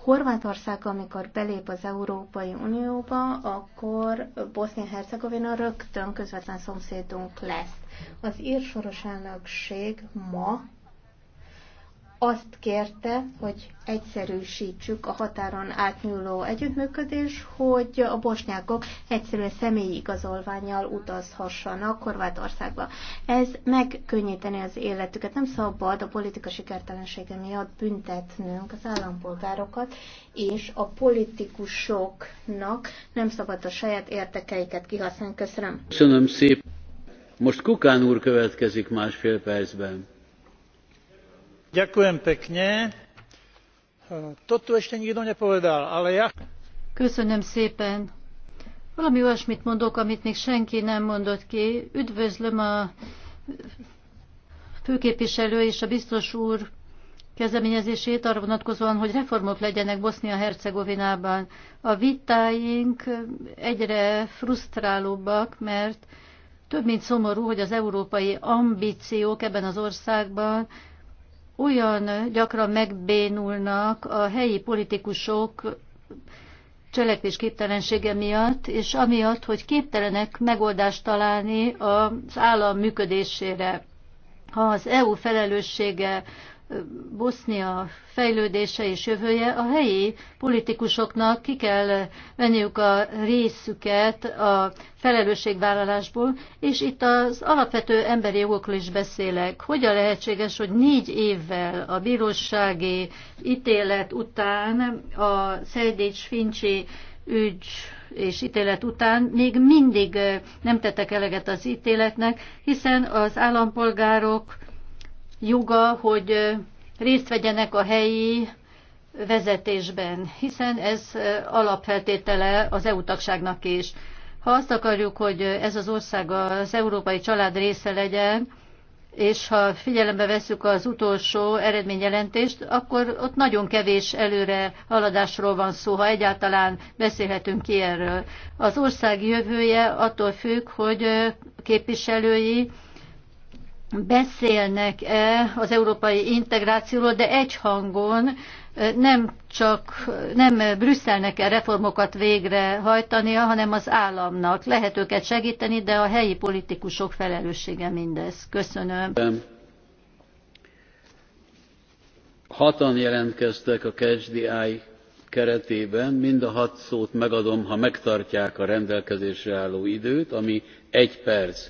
Horvátország, amikor belép az Európai Unióba, akkor Bosznia-Hercegovina rögtön közvetlen szomszédunk lesz. Az írsoros elnökség ma azt kérte, hogy egyszerűsítsük a határon átnyúló együttműködés, hogy a bosnyákok egyszerűen személyi igazolványjal utazhassanak Horvátországba. Ez megkönnyíteni az életüket. Nem szabad a politika sikertelensége miatt büntetnünk az állampolgárokat, és a politikusoknak nem szabad a saját értekeiket kihasználni. Köszönöm. Köszönöm szépen. Most Kukán úr következik másfél percben ešte nikto nepovedal ale ja. köszönöm szépen valami olyasmit mondok amit még senki nem mondott ki üdvözlöm a főképviselő és a biztos úr kezdeményezését arra vonatkozóan, hogy reformok legyenek Bosznia-Hercegovinában. A vitáink egyre frusztrálóbbak, mert több mint szomorú, hogy az európai ambíciók ebben az országban olyan gyakran megbénulnak a helyi politikusok cselekvésképtelensége miatt, és amiatt, hogy képtelenek megoldást találni az állam működésére. Ha az EU felelőssége Bosznia fejlődése és jövője, a helyi politikusoknak ki kell venniük a részüket a felelősségvállalásból, és itt az alapvető emberi jogokról is beszélek. Hogyan lehetséges, hogy négy évvel a bírósági ítélet után, a Szejdécs Fincsi ügy és ítélet után még mindig nem tettek eleget az ítéletnek, hiszen az állampolgárok joga, hogy részt vegyenek a helyi vezetésben, hiszen ez alapfeltétele az EU tagságnak is. Ha azt akarjuk, hogy ez az ország az európai család része legyen, és ha figyelembe veszük az utolsó eredményjelentést, akkor ott nagyon kevés előre haladásról van szó, ha egyáltalán beszélhetünk ki erről. Az ország jövője attól függ, hogy képviselői beszélnek-e az európai integrációról, de egy hangon nem csak nem Brüsszelnek kell reformokat végrehajtania, hanem az államnak. Lehet őket segíteni, de a helyi politikusok felelőssége mindez. Köszönöm. Hatan jelentkeztek a KSDI keretében, mind a hat szót megadom, ha megtartják a rendelkezésre álló időt, ami egy perc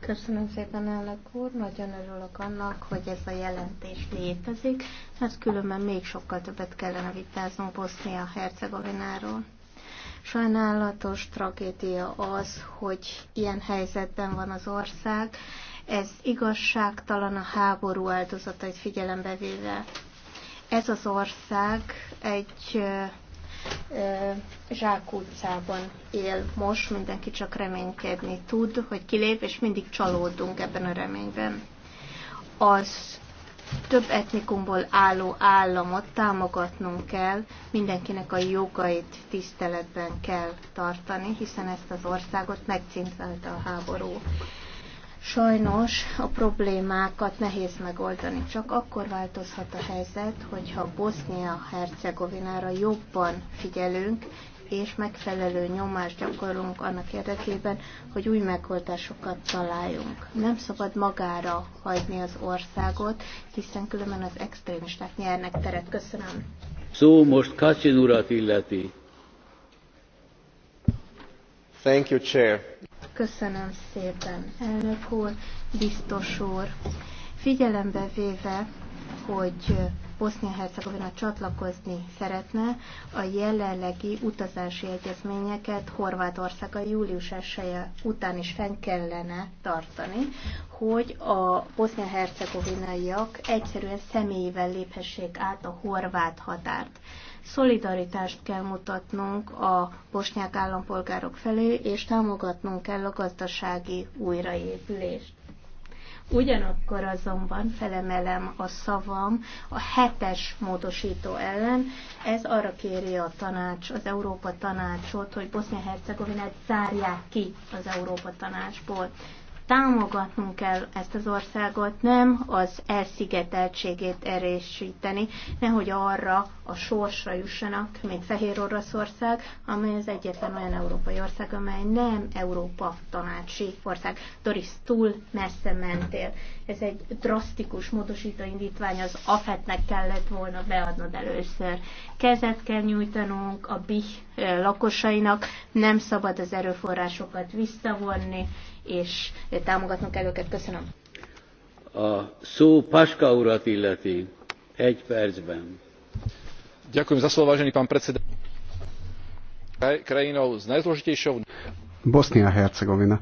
Köszönöm szépen, elnök úr. Nagyon örülök annak, hogy ez a jelentés létezik, Ez hát különben még sokkal többet kellene vitáznunk Bosznia-Hercegovináról. Sajnálatos tragédia az, hogy ilyen helyzetben van az ország. Ez igazságtalan a háború áldozatait figyelembe véve. Ez az ország egy zsákutcában él most, mindenki csak reménykedni tud, hogy kilép, és mindig csalódunk ebben a reményben. Az több etnikumból álló államot támogatnunk kell, mindenkinek a jogait tiszteletben kell tartani, hiszen ezt az országot megcintelte a háború. Sajnos a problémákat nehéz megoldani. Csak akkor változhat a helyzet, hogyha Bosznia-Hercegovinára jobban figyelünk, és megfelelő nyomást gyakorlunk annak érdekében, hogy új megoldásokat találjunk. Nem szabad magára hagyni az országot, hiszen különben az extrémisták nyernek teret. Köszönöm. Szó most Kacsin urat illeti. Thank you, Chair. Köszönöm szépen, elnök úr, biztos úr. Figyelembe véve, hogy Bosznia-Hercegovina csatlakozni szeretne a jelenlegi utazási egyezményeket Horvátország a július 1 -e után is fenn kellene tartani, hogy a bosznia-hercegovinaiak egyszerűen személyével léphessék át a horvát határt. Szolidaritást kell mutatnunk a bosnyák állampolgárok felé, és támogatnunk kell a gazdasági újraépülést. Ugyanakkor azonban felemelem a szavam a hetes módosító ellen. Ez arra kéri a tanács, az Európa tanácsot, hogy Bosznia-Hercegovinát zárják ki az Európa tanácsból. Támogatnunk kell ezt az országot, nem az elszigeteltségét erősíteni, nehogy arra a sorsra jussanak, mint Fehér Oroszország, amely az egyetlen olyan európai ország, amely nem Európa tanácsi ország. Doris, túl messze mentél. Ez egy drasztikus módosító indítvány, az AFET-nek kellett volna beadnod először. Kezet kell nyújtanunk a BIH lakosainak, nem szabad az erőforrásokat visszavonni, és támogatnunk kell őket. Köszönöm. A szó Paska urat illeti. Egy percben. Ďakujem za slovo, vážený pán predseda. Krajinou s najzložitejšou... Bosnia hercegovina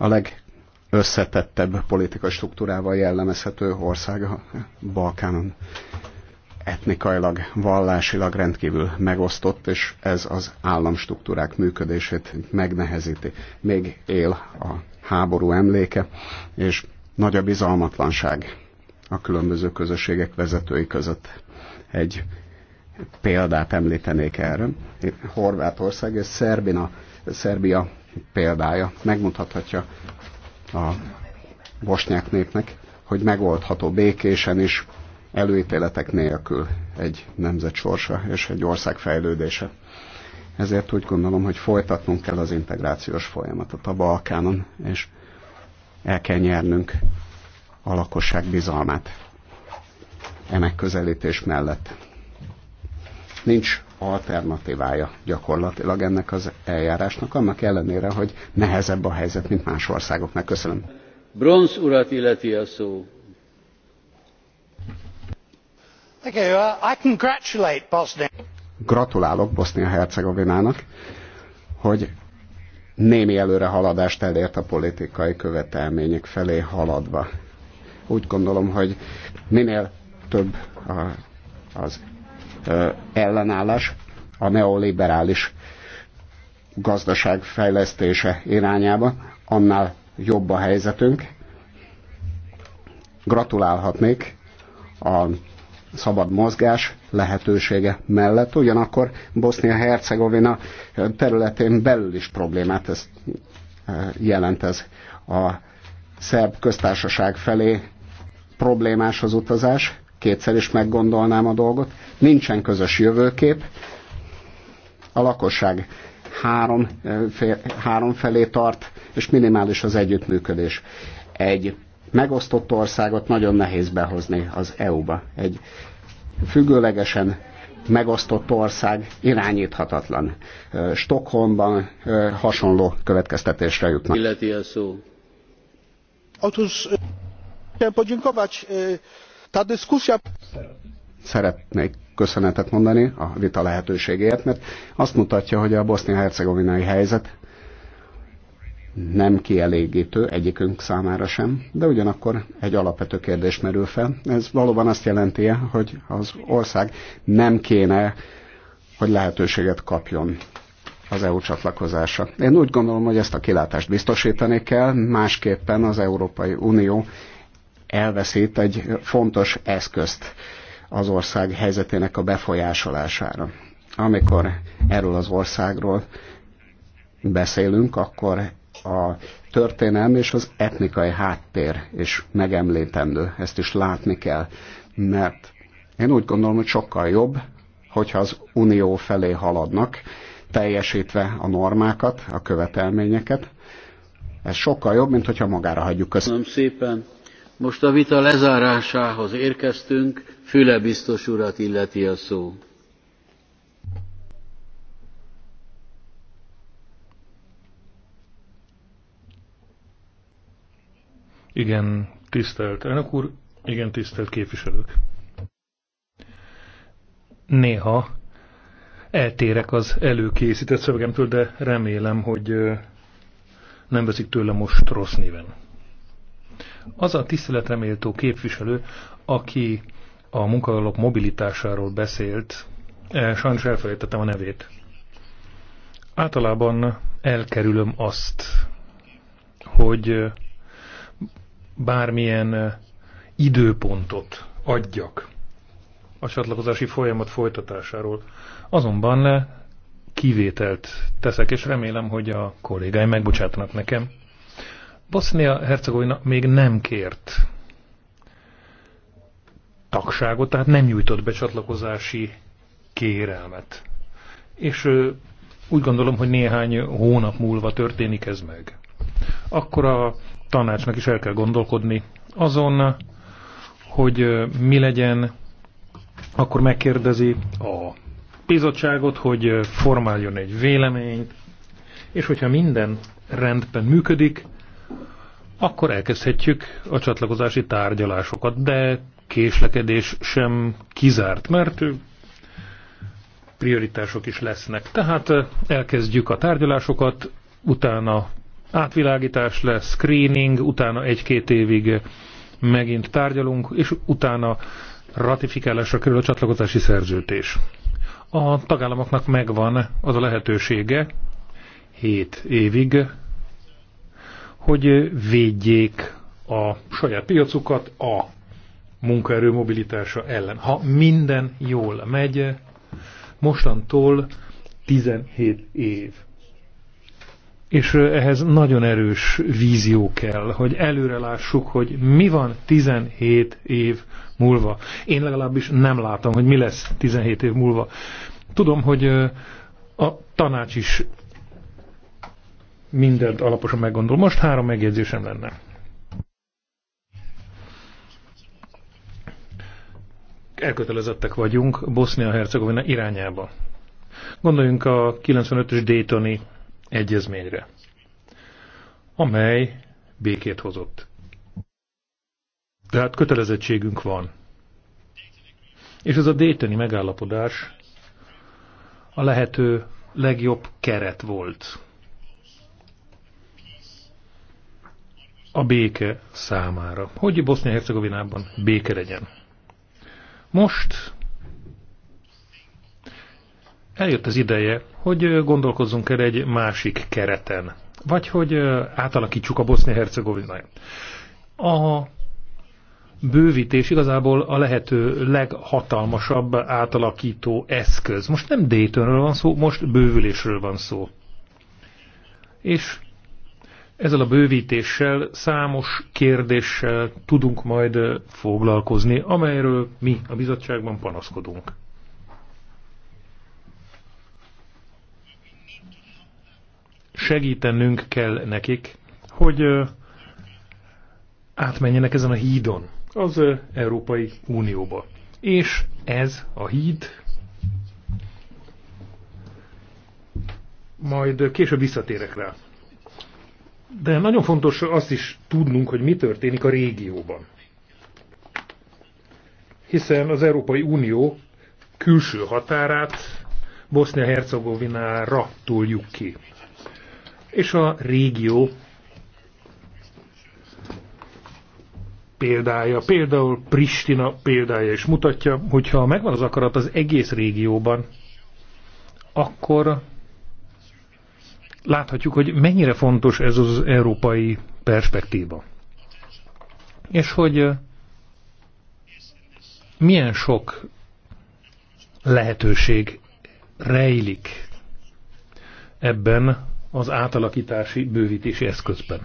a legösszetettebb politikai struktúrával jellemezhető ország a Balkánon etnikailag, vallásilag rendkívül megosztott, és ez az államstruktúrák működését megnehezíti. Még él a háború emléke, és nagy a bizalmatlanság a különböző közösségek vezetői között. Egy példát említenék erre. Horvátország és Szerbina, Szerbia példája megmutathatja a bosnyák népnek, hogy megoldható békésen is előítéletek nélkül egy nemzet sorsa és egy ország fejlődése. Ezért úgy gondolom, hogy folytatnunk kell az integrációs folyamatot a Balkánon, és el kell nyernünk a lakosság bizalmát ennek közelítés mellett. Nincs alternatívája gyakorlatilag ennek az eljárásnak, annak ellenére, hogy nehezebb a helyzet, mint más országoknak. Köszönöm. Bronz urat illeti a szó. Uh, Gratulálok Bosznia-Hercegovinának, hogy némi előrehaladást elért a politikai követelmények felé haladva. Úgy gondolom, hogy minél több az ellenállás a neoliberális gazdaság fejlesztése irányába, annál jobb a helyzetünk. Gratulálhatnék a szabad mozgás lehetősége mellett. Ugyanakkor Bosznia-Hercegovina területén belül is problémát ez eh, jelent ez a szerb köztársaság felé problémás az utazás, kétszer is meggondolnám a dolgot, nincsen közös jövőkép, a lakosság három, eh, fél, három felé tart, és minimális az együttműködés. Egy megosztott országot nagyon nehéz behozni az EU-ba. Egy függőlegesen megosztott ország irányíthatatlan. Stockholmban hasonló következtetésre jutnak. Illeti a szó. Otóż e, podziękować. E, ta dyskusja... Szeretnék köszönetet mondani a vita lehetőségéért, mert azt mutatja, hogy a bosznia-hercegovinai helyzet nem kielégítő egyikünk számára sem, de ugyanakkor egy alapvető kérdés merül fel. Ez valóban azt jelenti, hogy az ország nem kéne, hogy lehetőséget kapjon az EU csatlakozása. Én úgy gondolom, hogy ezt a kilátást biztosítani kell, másképpen az Európai Unió elveszít egy fontos eszközt az ország helyzetének a befolyásolására. Amikor erről az országról beszélünk, akkor a történelmi és az etnikai háttér is megemlítendő, ezt is látni kell, mert én úgy gondolom, hogy sokkal jobb, hogyha az unió felé haladnak, teljesítve a normákat, a követelményeket. Ez sokkal jobb, mint hogyha magára hagyjuk. Köszönöm szépen. Most a vita lezárásához érkeztünk, Füle biztos urat illeti a szó. Igen, tisztelt elnök úr, igen, tisztelt képviselők. Néha eltérek az előkészített szövegemtől, de remélem, hogy nem veszik tőle most rossz néven. Az a tiszteletreméltó képviselő, aki a munkavállalók mobilitásáról beszélt, e, sajnos elfelejtettem a nevét. Általában elkerülöm azt, hogy bármilyen eh, időpontot adjak a csatlakozási folyamat folytatásáról. Azonban eh, kivételt teszek, és remélem, hogy a kollégáim megbocsátanak nekem. Bosznia-Hercegovina még nem kért tagságot, tehát nem nyújtott be csatlakozási kérelmet. És eh, úgy gondolom, hogy néhány hónap múlva történik ez meg. Akkor a tanácsnak is el kell gondolkodni azon, hogy mi legyen, akkor megkérdezi a bizottságot, hogy formáljon egy véleményt, és hogyha minden rendben működik, akkor elkezdhetjük a csatlakozási tárgyalásokat, de késlekedés sem kizárt, mert prioritások is lesznek. Tehát elkezdjük a tárgyalásokat, utána átvilágítás lesz, screening, utána egy-két évig megint tárgyalunk, és utána ratifikálásra kerül a csatlakozási szerződés. A tagállamoknak megvan az a lehetősége, 7 évig, hogy védjék a saját piacukat a munkaerő mobilitása ellen. Ha minden jól megy, mostantól 17 év és ehhez nagyon erős vízió kell, hogy előre lássuk, hogy mi van 17 év múlva. Én legalábbis nem látom, hogy mi lesz 17 év múlva. Tudom, hogy a tanács is mindent alaposan meggondol. Most három megjegyzésem lenne. Elkötelezettek vagyunk Bosznia-Hercegovina irányába. Gondoljunk a 95-ös Daytoni egyezményre, amely békét hozott. Tehát kötelezettségünk van. És ez a déteni megállapodás a lehető legjobb keret volt. A béke számára. Hogy Bosznia-Hercegovinában béke legyen. Most eljött az ideje, hogy gondolkozzunk el egy másik kereten, vagy hogy átalakítsuk a Bosznia-Hercegovinát. A bővítés igazából a lehető leghatalmasabb átalakító eszköz. Most nem Daytonről van szó, most bővülésről van szó. És ezzel a bővítéssel számos kérdéssel tudunk majd foglalkozni, amelyről mi a bizottságban panaszkodunk. segítenünk kell nekik, hogy átmenjenek ezen a hídon az Európai Unióba. És ez a híd majd később visszatérek rá. De nagyon fontos azt is tudnunk, hogy mi történik a régióban. Hiszen az Európai Unió külső határát Bosznia-Hercegovinára túljuk ki és a régió példája, például Pristina példája is mutatja, hogyha megvan az akarat az egész régióban, akkor láthatjuk, hogy mennyire fontos ez az európai perspektíva. És hogy milyen sok lehetőség rejlik ebben az átalakítási bővítési eszközben.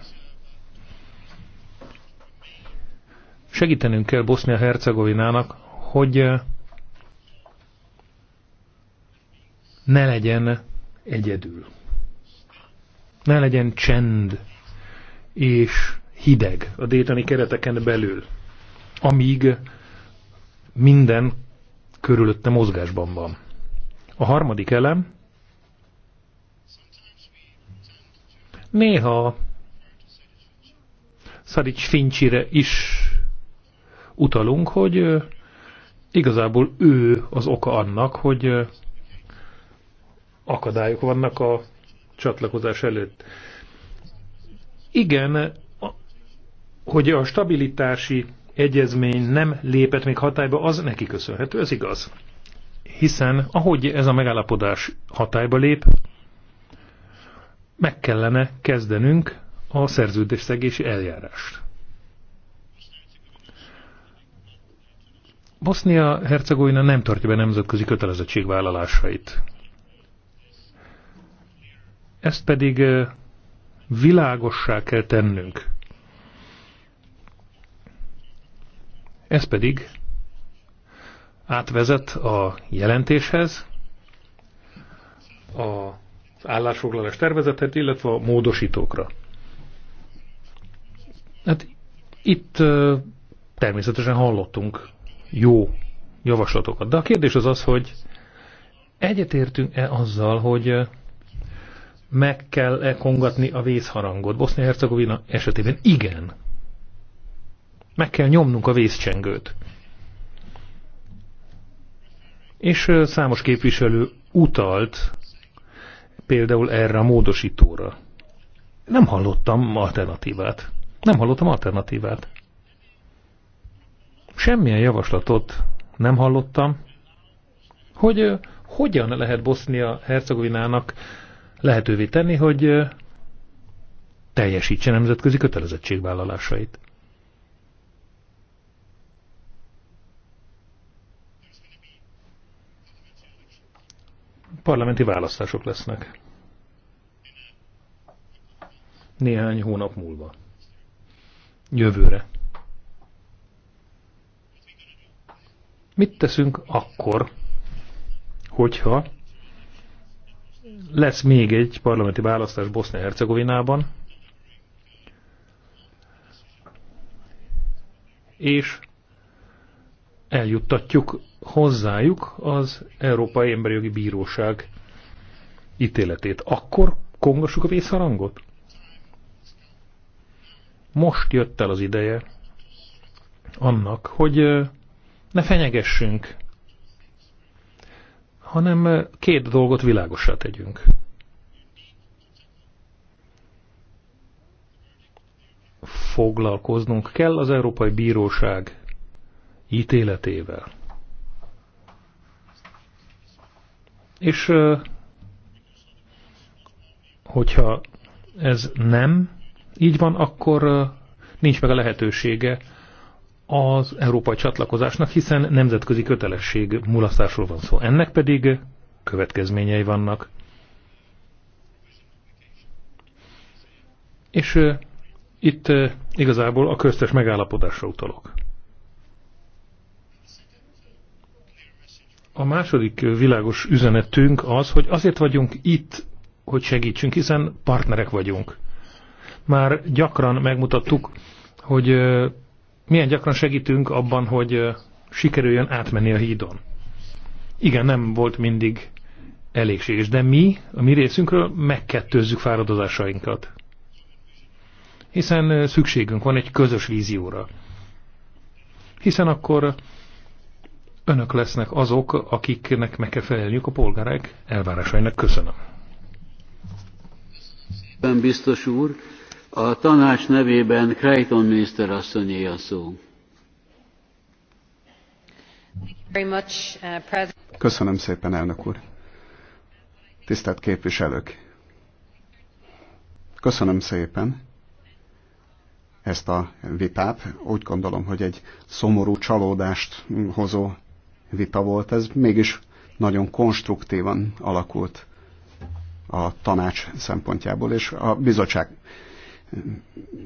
Segítenünk kell Bosznia-Hercegovinának, hogy eh, ne legyen egyedül. Ne legyen csend és hideg a détani kereteken belül, amíg minden körülötte mozgásban van. A harmadik elem Néha Szarics Fincsire is utalunk, hogy igazából ő az oka annak, hogy akadályok vannak a csatlakozás előtt. Igen, hogy a stabilitási egyezmény nem lépett még hatályba, az neki köszönhető, ez igaz. Hiszen ahogy ez a megállapodás hatályba lép, meg kellene kezdenünk a szerződésszegési eljárást. Bosznia-Hercegovina nem tartja be nemzetközi kötelezettségvállalásait. Ezt pedig világossá kell tennünk. Ez pedig átvezet a jelentéshez, a az állásfoglalás tervezetet, illetve a módosítókra. Hát itt természetesen hallottunk jó javaslatokat, de a kérdés az az, hogy egyetértünk-e azzal, hogy meg kell-e kongatni a vészharangot? Bosznia-Hercegovina esetében igen. Meg kell nyomnunk a vészcsengőt. És számos képviselő utalt például erre a módosítóra. Nem hallottam alternatívát. Nem hallottam alternatívát. Semmilyen javaslatot nem hallottam, hogy hogyan lehet Bosznia-Hercegovinának lehetővé tenni, hogy teljesítse nemzetközi kötelezettségvállalásait. parlamenti választások lesznek. Néhány hónap múlva. Jövőre. Mit teszünk akkor, hogyha lesz még egy parlamenti választás Bosznia-Hercegovinában, és eljuttatjuk hozzájuk az Európai Emberi Jogi Bíróság ítéletét. Akkor kongassuk a vészharangot? Most jött el az ideje annak, hogy ne fenyegessünk, hanem két dolgot világosá tegyünk. Foglalkoznunk kell az Európai Bíróság ítéletével. És hogyha ez nem így van, akkor nincs meg a lehetősége az európai csatlakozásnak, hiszen nemzetközi kötelesség mulasztásról van szó. Ennek pedig következményei vannak. És itt igazából a köztes megállapodásra utalok. A második világos üzenetünk az, hogy azért vagyunk itt, hogy segítsünk, hiszen partnerek vagyunk. Már gyakran megmutattuk, hogy milyen gyakran segítünk abban, hogy sikerüljön átmenni a hídon. Igen, nem volt mindig elégséges, de mi a mi részünkről megkettőzzük fáradozásainkat. Hiszen szükségünk van egy közös vízióra. Hiszen akkor önök lesznek azok, akiknek meg kell felelniük a polgárák elvárásainak. Köszönöm. Ön biztos úr, a tanács nevében Creighton miniszter asszonyé a szó. Köszönöm szépen, elnök úr. Tisztelt képviselők! Köszönöm szépen ezt a vitát. Úgy gondolom, hogy egy szomorú csalódást hozó vita volt, ez mégis nagyon konstruktívan alakult a tanács szempontjából, és a bizottság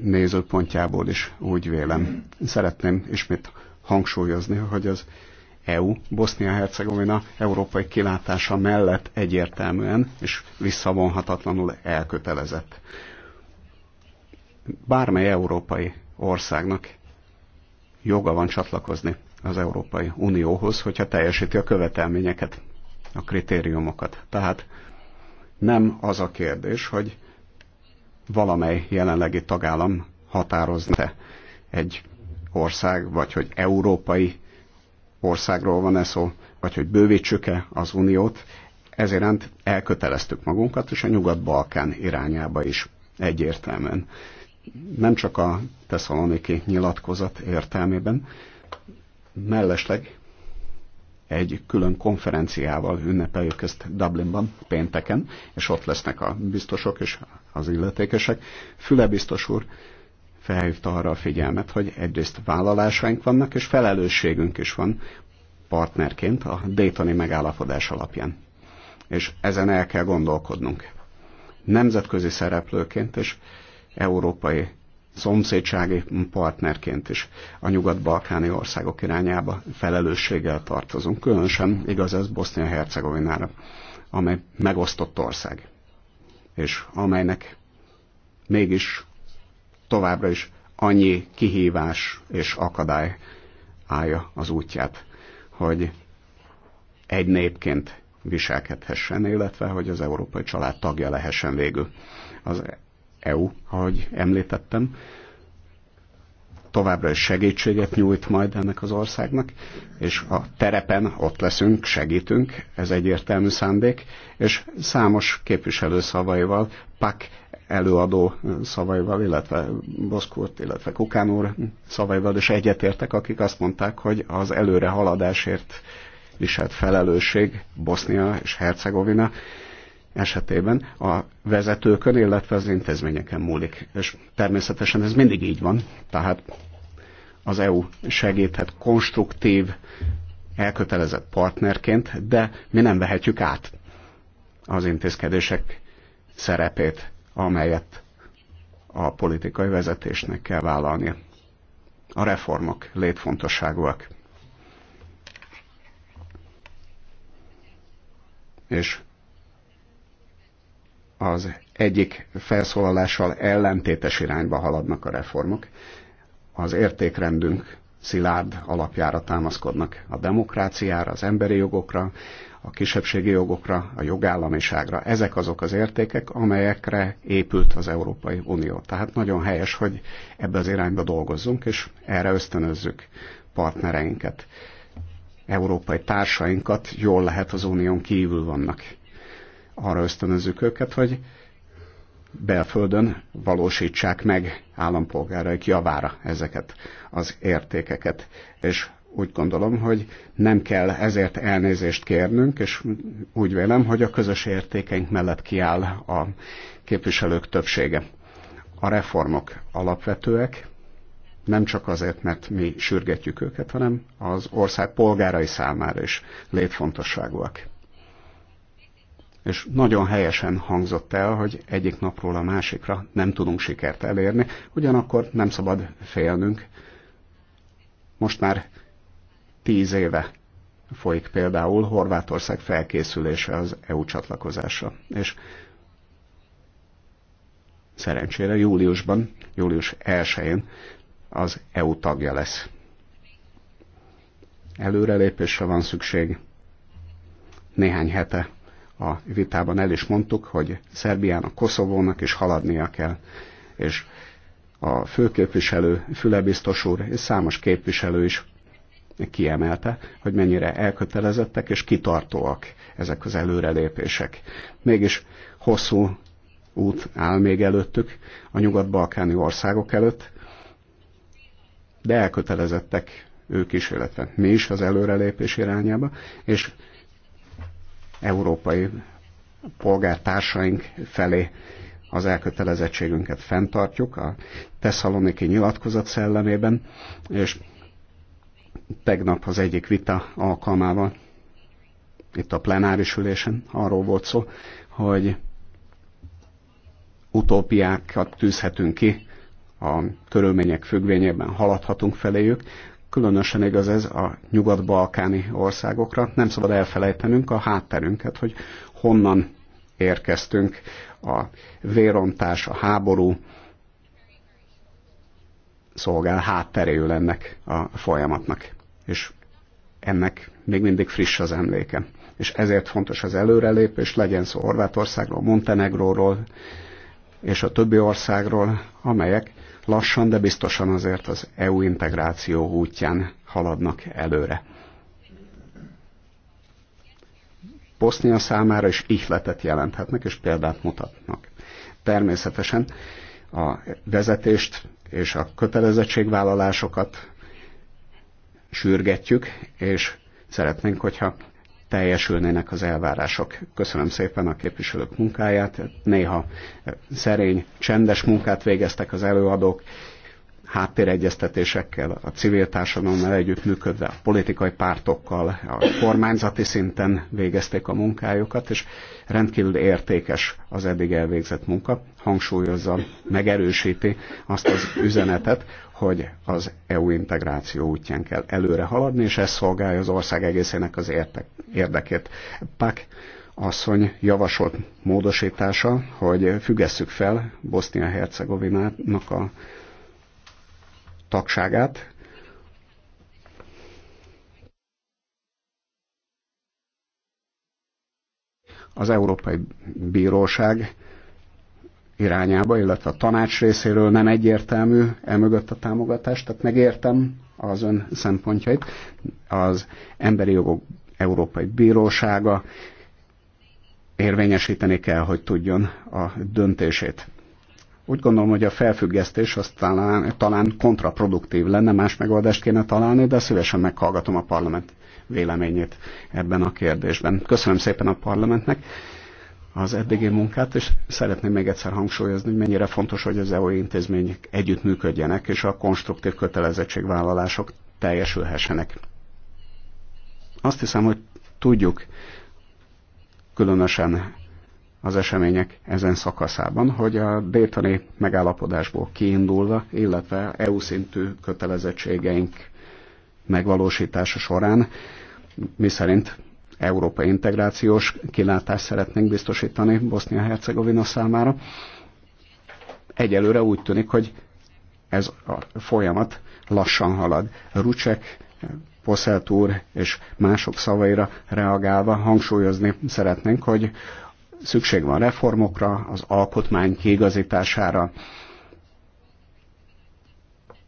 nézőpontjából is úgy vélem. Szeretném ismét hangsúlyozni, hogy az EU, Bosznia-Hercegovina európai kilátása mellett egyértelműen és visszavonhatatlanul elkötelezett. Bármely európai országnak joga van csatlakozni az Európai Unióhoz, hogyha teljesíti a követelményeket, a kritériumokat. Tehát nem az a kérdés, hogy valamely jelenlegi tagállam határozna egy ország, vagy hogy európai országról van-e szó, vagy hogy bővítsük-e az uniót, Ezért elköteleztük magunkat, és a Nyugat-Balkán irányába is egyértelműen. Nem csak a teszaloniki nyilatkozat értelmében, Mellesleg egy külön konferenciával ünnepeljük ezt Dublinban pénteken, és ott lesznek a biztosok és az illetékesek. Füle biztos úr felhívta arra a figyelmet, hogy egyrészt vállalásaink vannak, és felelősségünk is van partnerként a Daytoni megállapodás alapján. És ezen el kell gondolkodnunk. Nemzetközi szereplőként és európai szomszédsági partnerként is a nyugat-balkáni országok irányába felelősséggel tartozunk. Különösen igaz ez Bosznia-Hercegovinára, amely megosztott ország, és amelynek mégis továbbra is annyi kihívás és akadály állja az útját, hogy egy népként viselkedhessen, illetve hogy az európai család tagja lehessen végül. Az EU, ahogy említettem, továbbra is segítséget nyújt majd ennek az országnak, és a terepen ott leszünk, segítünk, ez egyértelmű szándék, és számos képviselő szavaival, PAK előadó szavaival, illetve Boszkurt, illetve Kukán úr szavaival is egyetértek, akik azt mondták, hogy az előre haladásért viselt felelősség Bosznia és Hercegovina esetében a vezetőkön, illetve az intézményeken múlik. És természetesen ez mindig így van, tehát az EU segíthet konstruktív, elkötelezett partnerként, de mi nem vehetjük át az intézkedések szerepét, amelyet a politikai vezetésnek kell vállalnia. A reformok létfontosságúak. És az egyik felszólalással ellentétes irányba haladnak a reformok. Az értékrendünk szilárd alapjára támaszkodnak a demokráciára, az emberi jogokra, a kisebbségi jogokra, a jogállamiságra. Ezek azok az értékek, amelyekre épült az Európai Unió. Tehát nagyon helyes, hogy ebbe az irányba dolgozzunk, és erre ösztönözzük partnereinket, európai társainkat, jól lehet az unión kívül vannak arra ösztönözzük őket, hogy belföldön valósítsák meg állampolgáraik javára ezeket az értékeket. És úgy gondolom, hogy nem kell ezért elnézést kérnünk, és úgy vélem, hogy a közös értékeink mellett kiáll a képviselők többsége. A reformok alapvetőek, nem csak azért, mert mi sürgetjük őket, hanem az ország polgárai számára is létfontosságúak és nagyon helyesen hangzott el, hogy egyik napról a másikra nem tudunk sikert elérni, ugyanakkor nem szabad félnünk. Most már tíz éve folyik például Horvátország felkészülése az EU csatlakozásra, és szerencsére júliusban, július 1-én az EU tagja lesz. Előrelépésre van szükség. Néhány hete a vitában el is mondtuk, hogy Szerbiának, Koszovónak is haladnia kell, és a főképviselő, Füle biztos úr és számos képviselő is kiemelte, hogy mennyire elkötelezettek és kitartóak ezek az előrelépések. Mégis hosszú út áll még előttük a nyugat-balkáni országok előtt, de elkötelezettek ők is, illetve mi is az előrelépés irányába, és európai polgártársaink felé az elkötelezettségünket fenntartjuk a Tesszaloniki nyilatkozat szellemében, és tegnap az egyik vita alkalmával, itt a plenáris ülésen arról volt szó, hogy utópiákat tűzhetünk ki, a körülmények függvényében haladhatunk feléjük, Különösen igaz ez a nyugat-balkáni országokra. Nem szabad elfelejtenünk a hátterünket, hogy honnan érkeztünk. A vérontás, a háború szolgál hátteréül ennek a folyamatnak. És ennek még mindig friss az emléke. És ezért fontos az előrelépés, legyen szó Horvátországról, Montenegróról és a többi országról, amelyek lassan, de biztosan azért az EU integráció útján haladnak előre. Bosznia számára is ihletet jelenthetnek, és példát mutatnak. Természetesen a vezetést és a kötelezettségvállalásokat sürgetjük, és szeretnénk, hogyha teljesülnének az elvárások. Köszönöm szépen a képviselők munkáját. Néha szerény, csendes munkát végeztek az előadók, háttéregyeztetésekkel, a civil társadalommal együttműködve, a politikai pártokkal, a kormányzati szinten végezték a munkájukat, és rendkívül értékes az eddig elvégzett munka, hangsúlyozza, megerősíti azt az üzenetet, hogy az EU integráció útján kell előre haladni, és ez szolgálja az ország egészének az értek, érdekét. Pak asszony javasolt módosítása, hogy függesszük fel Bosznia-Hercegovinának a tagságát, az Európai Bíróság irányába, illetve a tanács részéről nem egyértelmű emögött a támogatás, tehát megértem az ön szempontjait. Az emberi jogok Európai Bírósága érvényesíteni kell, hogy tudjon a döntését. Úgy gondolom, hogy a felfüggesztés az talán, talán kontraproduktív lenne, más megoldást kéne találni, de szívesen meghallgatom a parlament véleményét ebben a kérdésben. Köszönöm szépen a parlamentnek az eddigi munkát, és szeretném még egyszer hangsúlyozni, hogy mennyire fontos, hogy az EU intézmények együttműködjenek, és a konstruktív kötelezettségvállalások teljesülhessenek. Azt hiszem, hogy tudjuk, különösen az események ezen szakaszában, hogy a Daytoni megállapodásból kiindulva, illetve EU szintű kötelezettségeink megvalósítása során, mi szerint európai integrációs kilátást szeretnénk biztosítani Bosznia-Hercegovina számára. Egyelőre úgy tűnik, hogy ez a folyamat lassan halad. Rucsek Poszelt úr és mások szavaira reagálva hangsúlyozni szeretnénk, hogy szükség van reformokra, az alkotmány kiigazítására.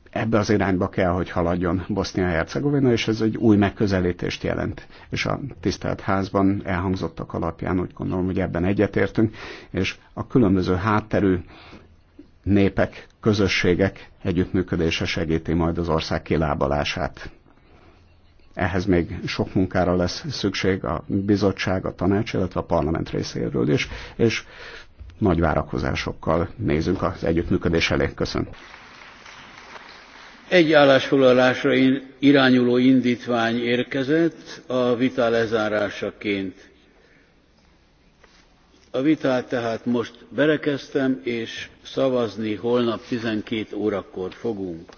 Ebbe az irányba kell, hogy haladjon Bosznia-Hercegovina, és ez egy új megközelítést jelent. És a tisztelt házban elhangzottak alapján úgy gondolom, hogy ebben egyetértünk, és a különböző hátterű népek, közösségek együttműködése segíti majd az ország kilábalását. Ehhez még sok munkára lesz szükség a bizottság, a tanács, illetve a parlament részéről is, és nagy várakozásokkal nézünk az együttműködés elé. Köszönöm. Egy állásfoglalásra irányuló indítvány érkezett a vita lezárásaként. A vitát tehát most berekeztem, és szavazni holnap 12 órakor fogunk.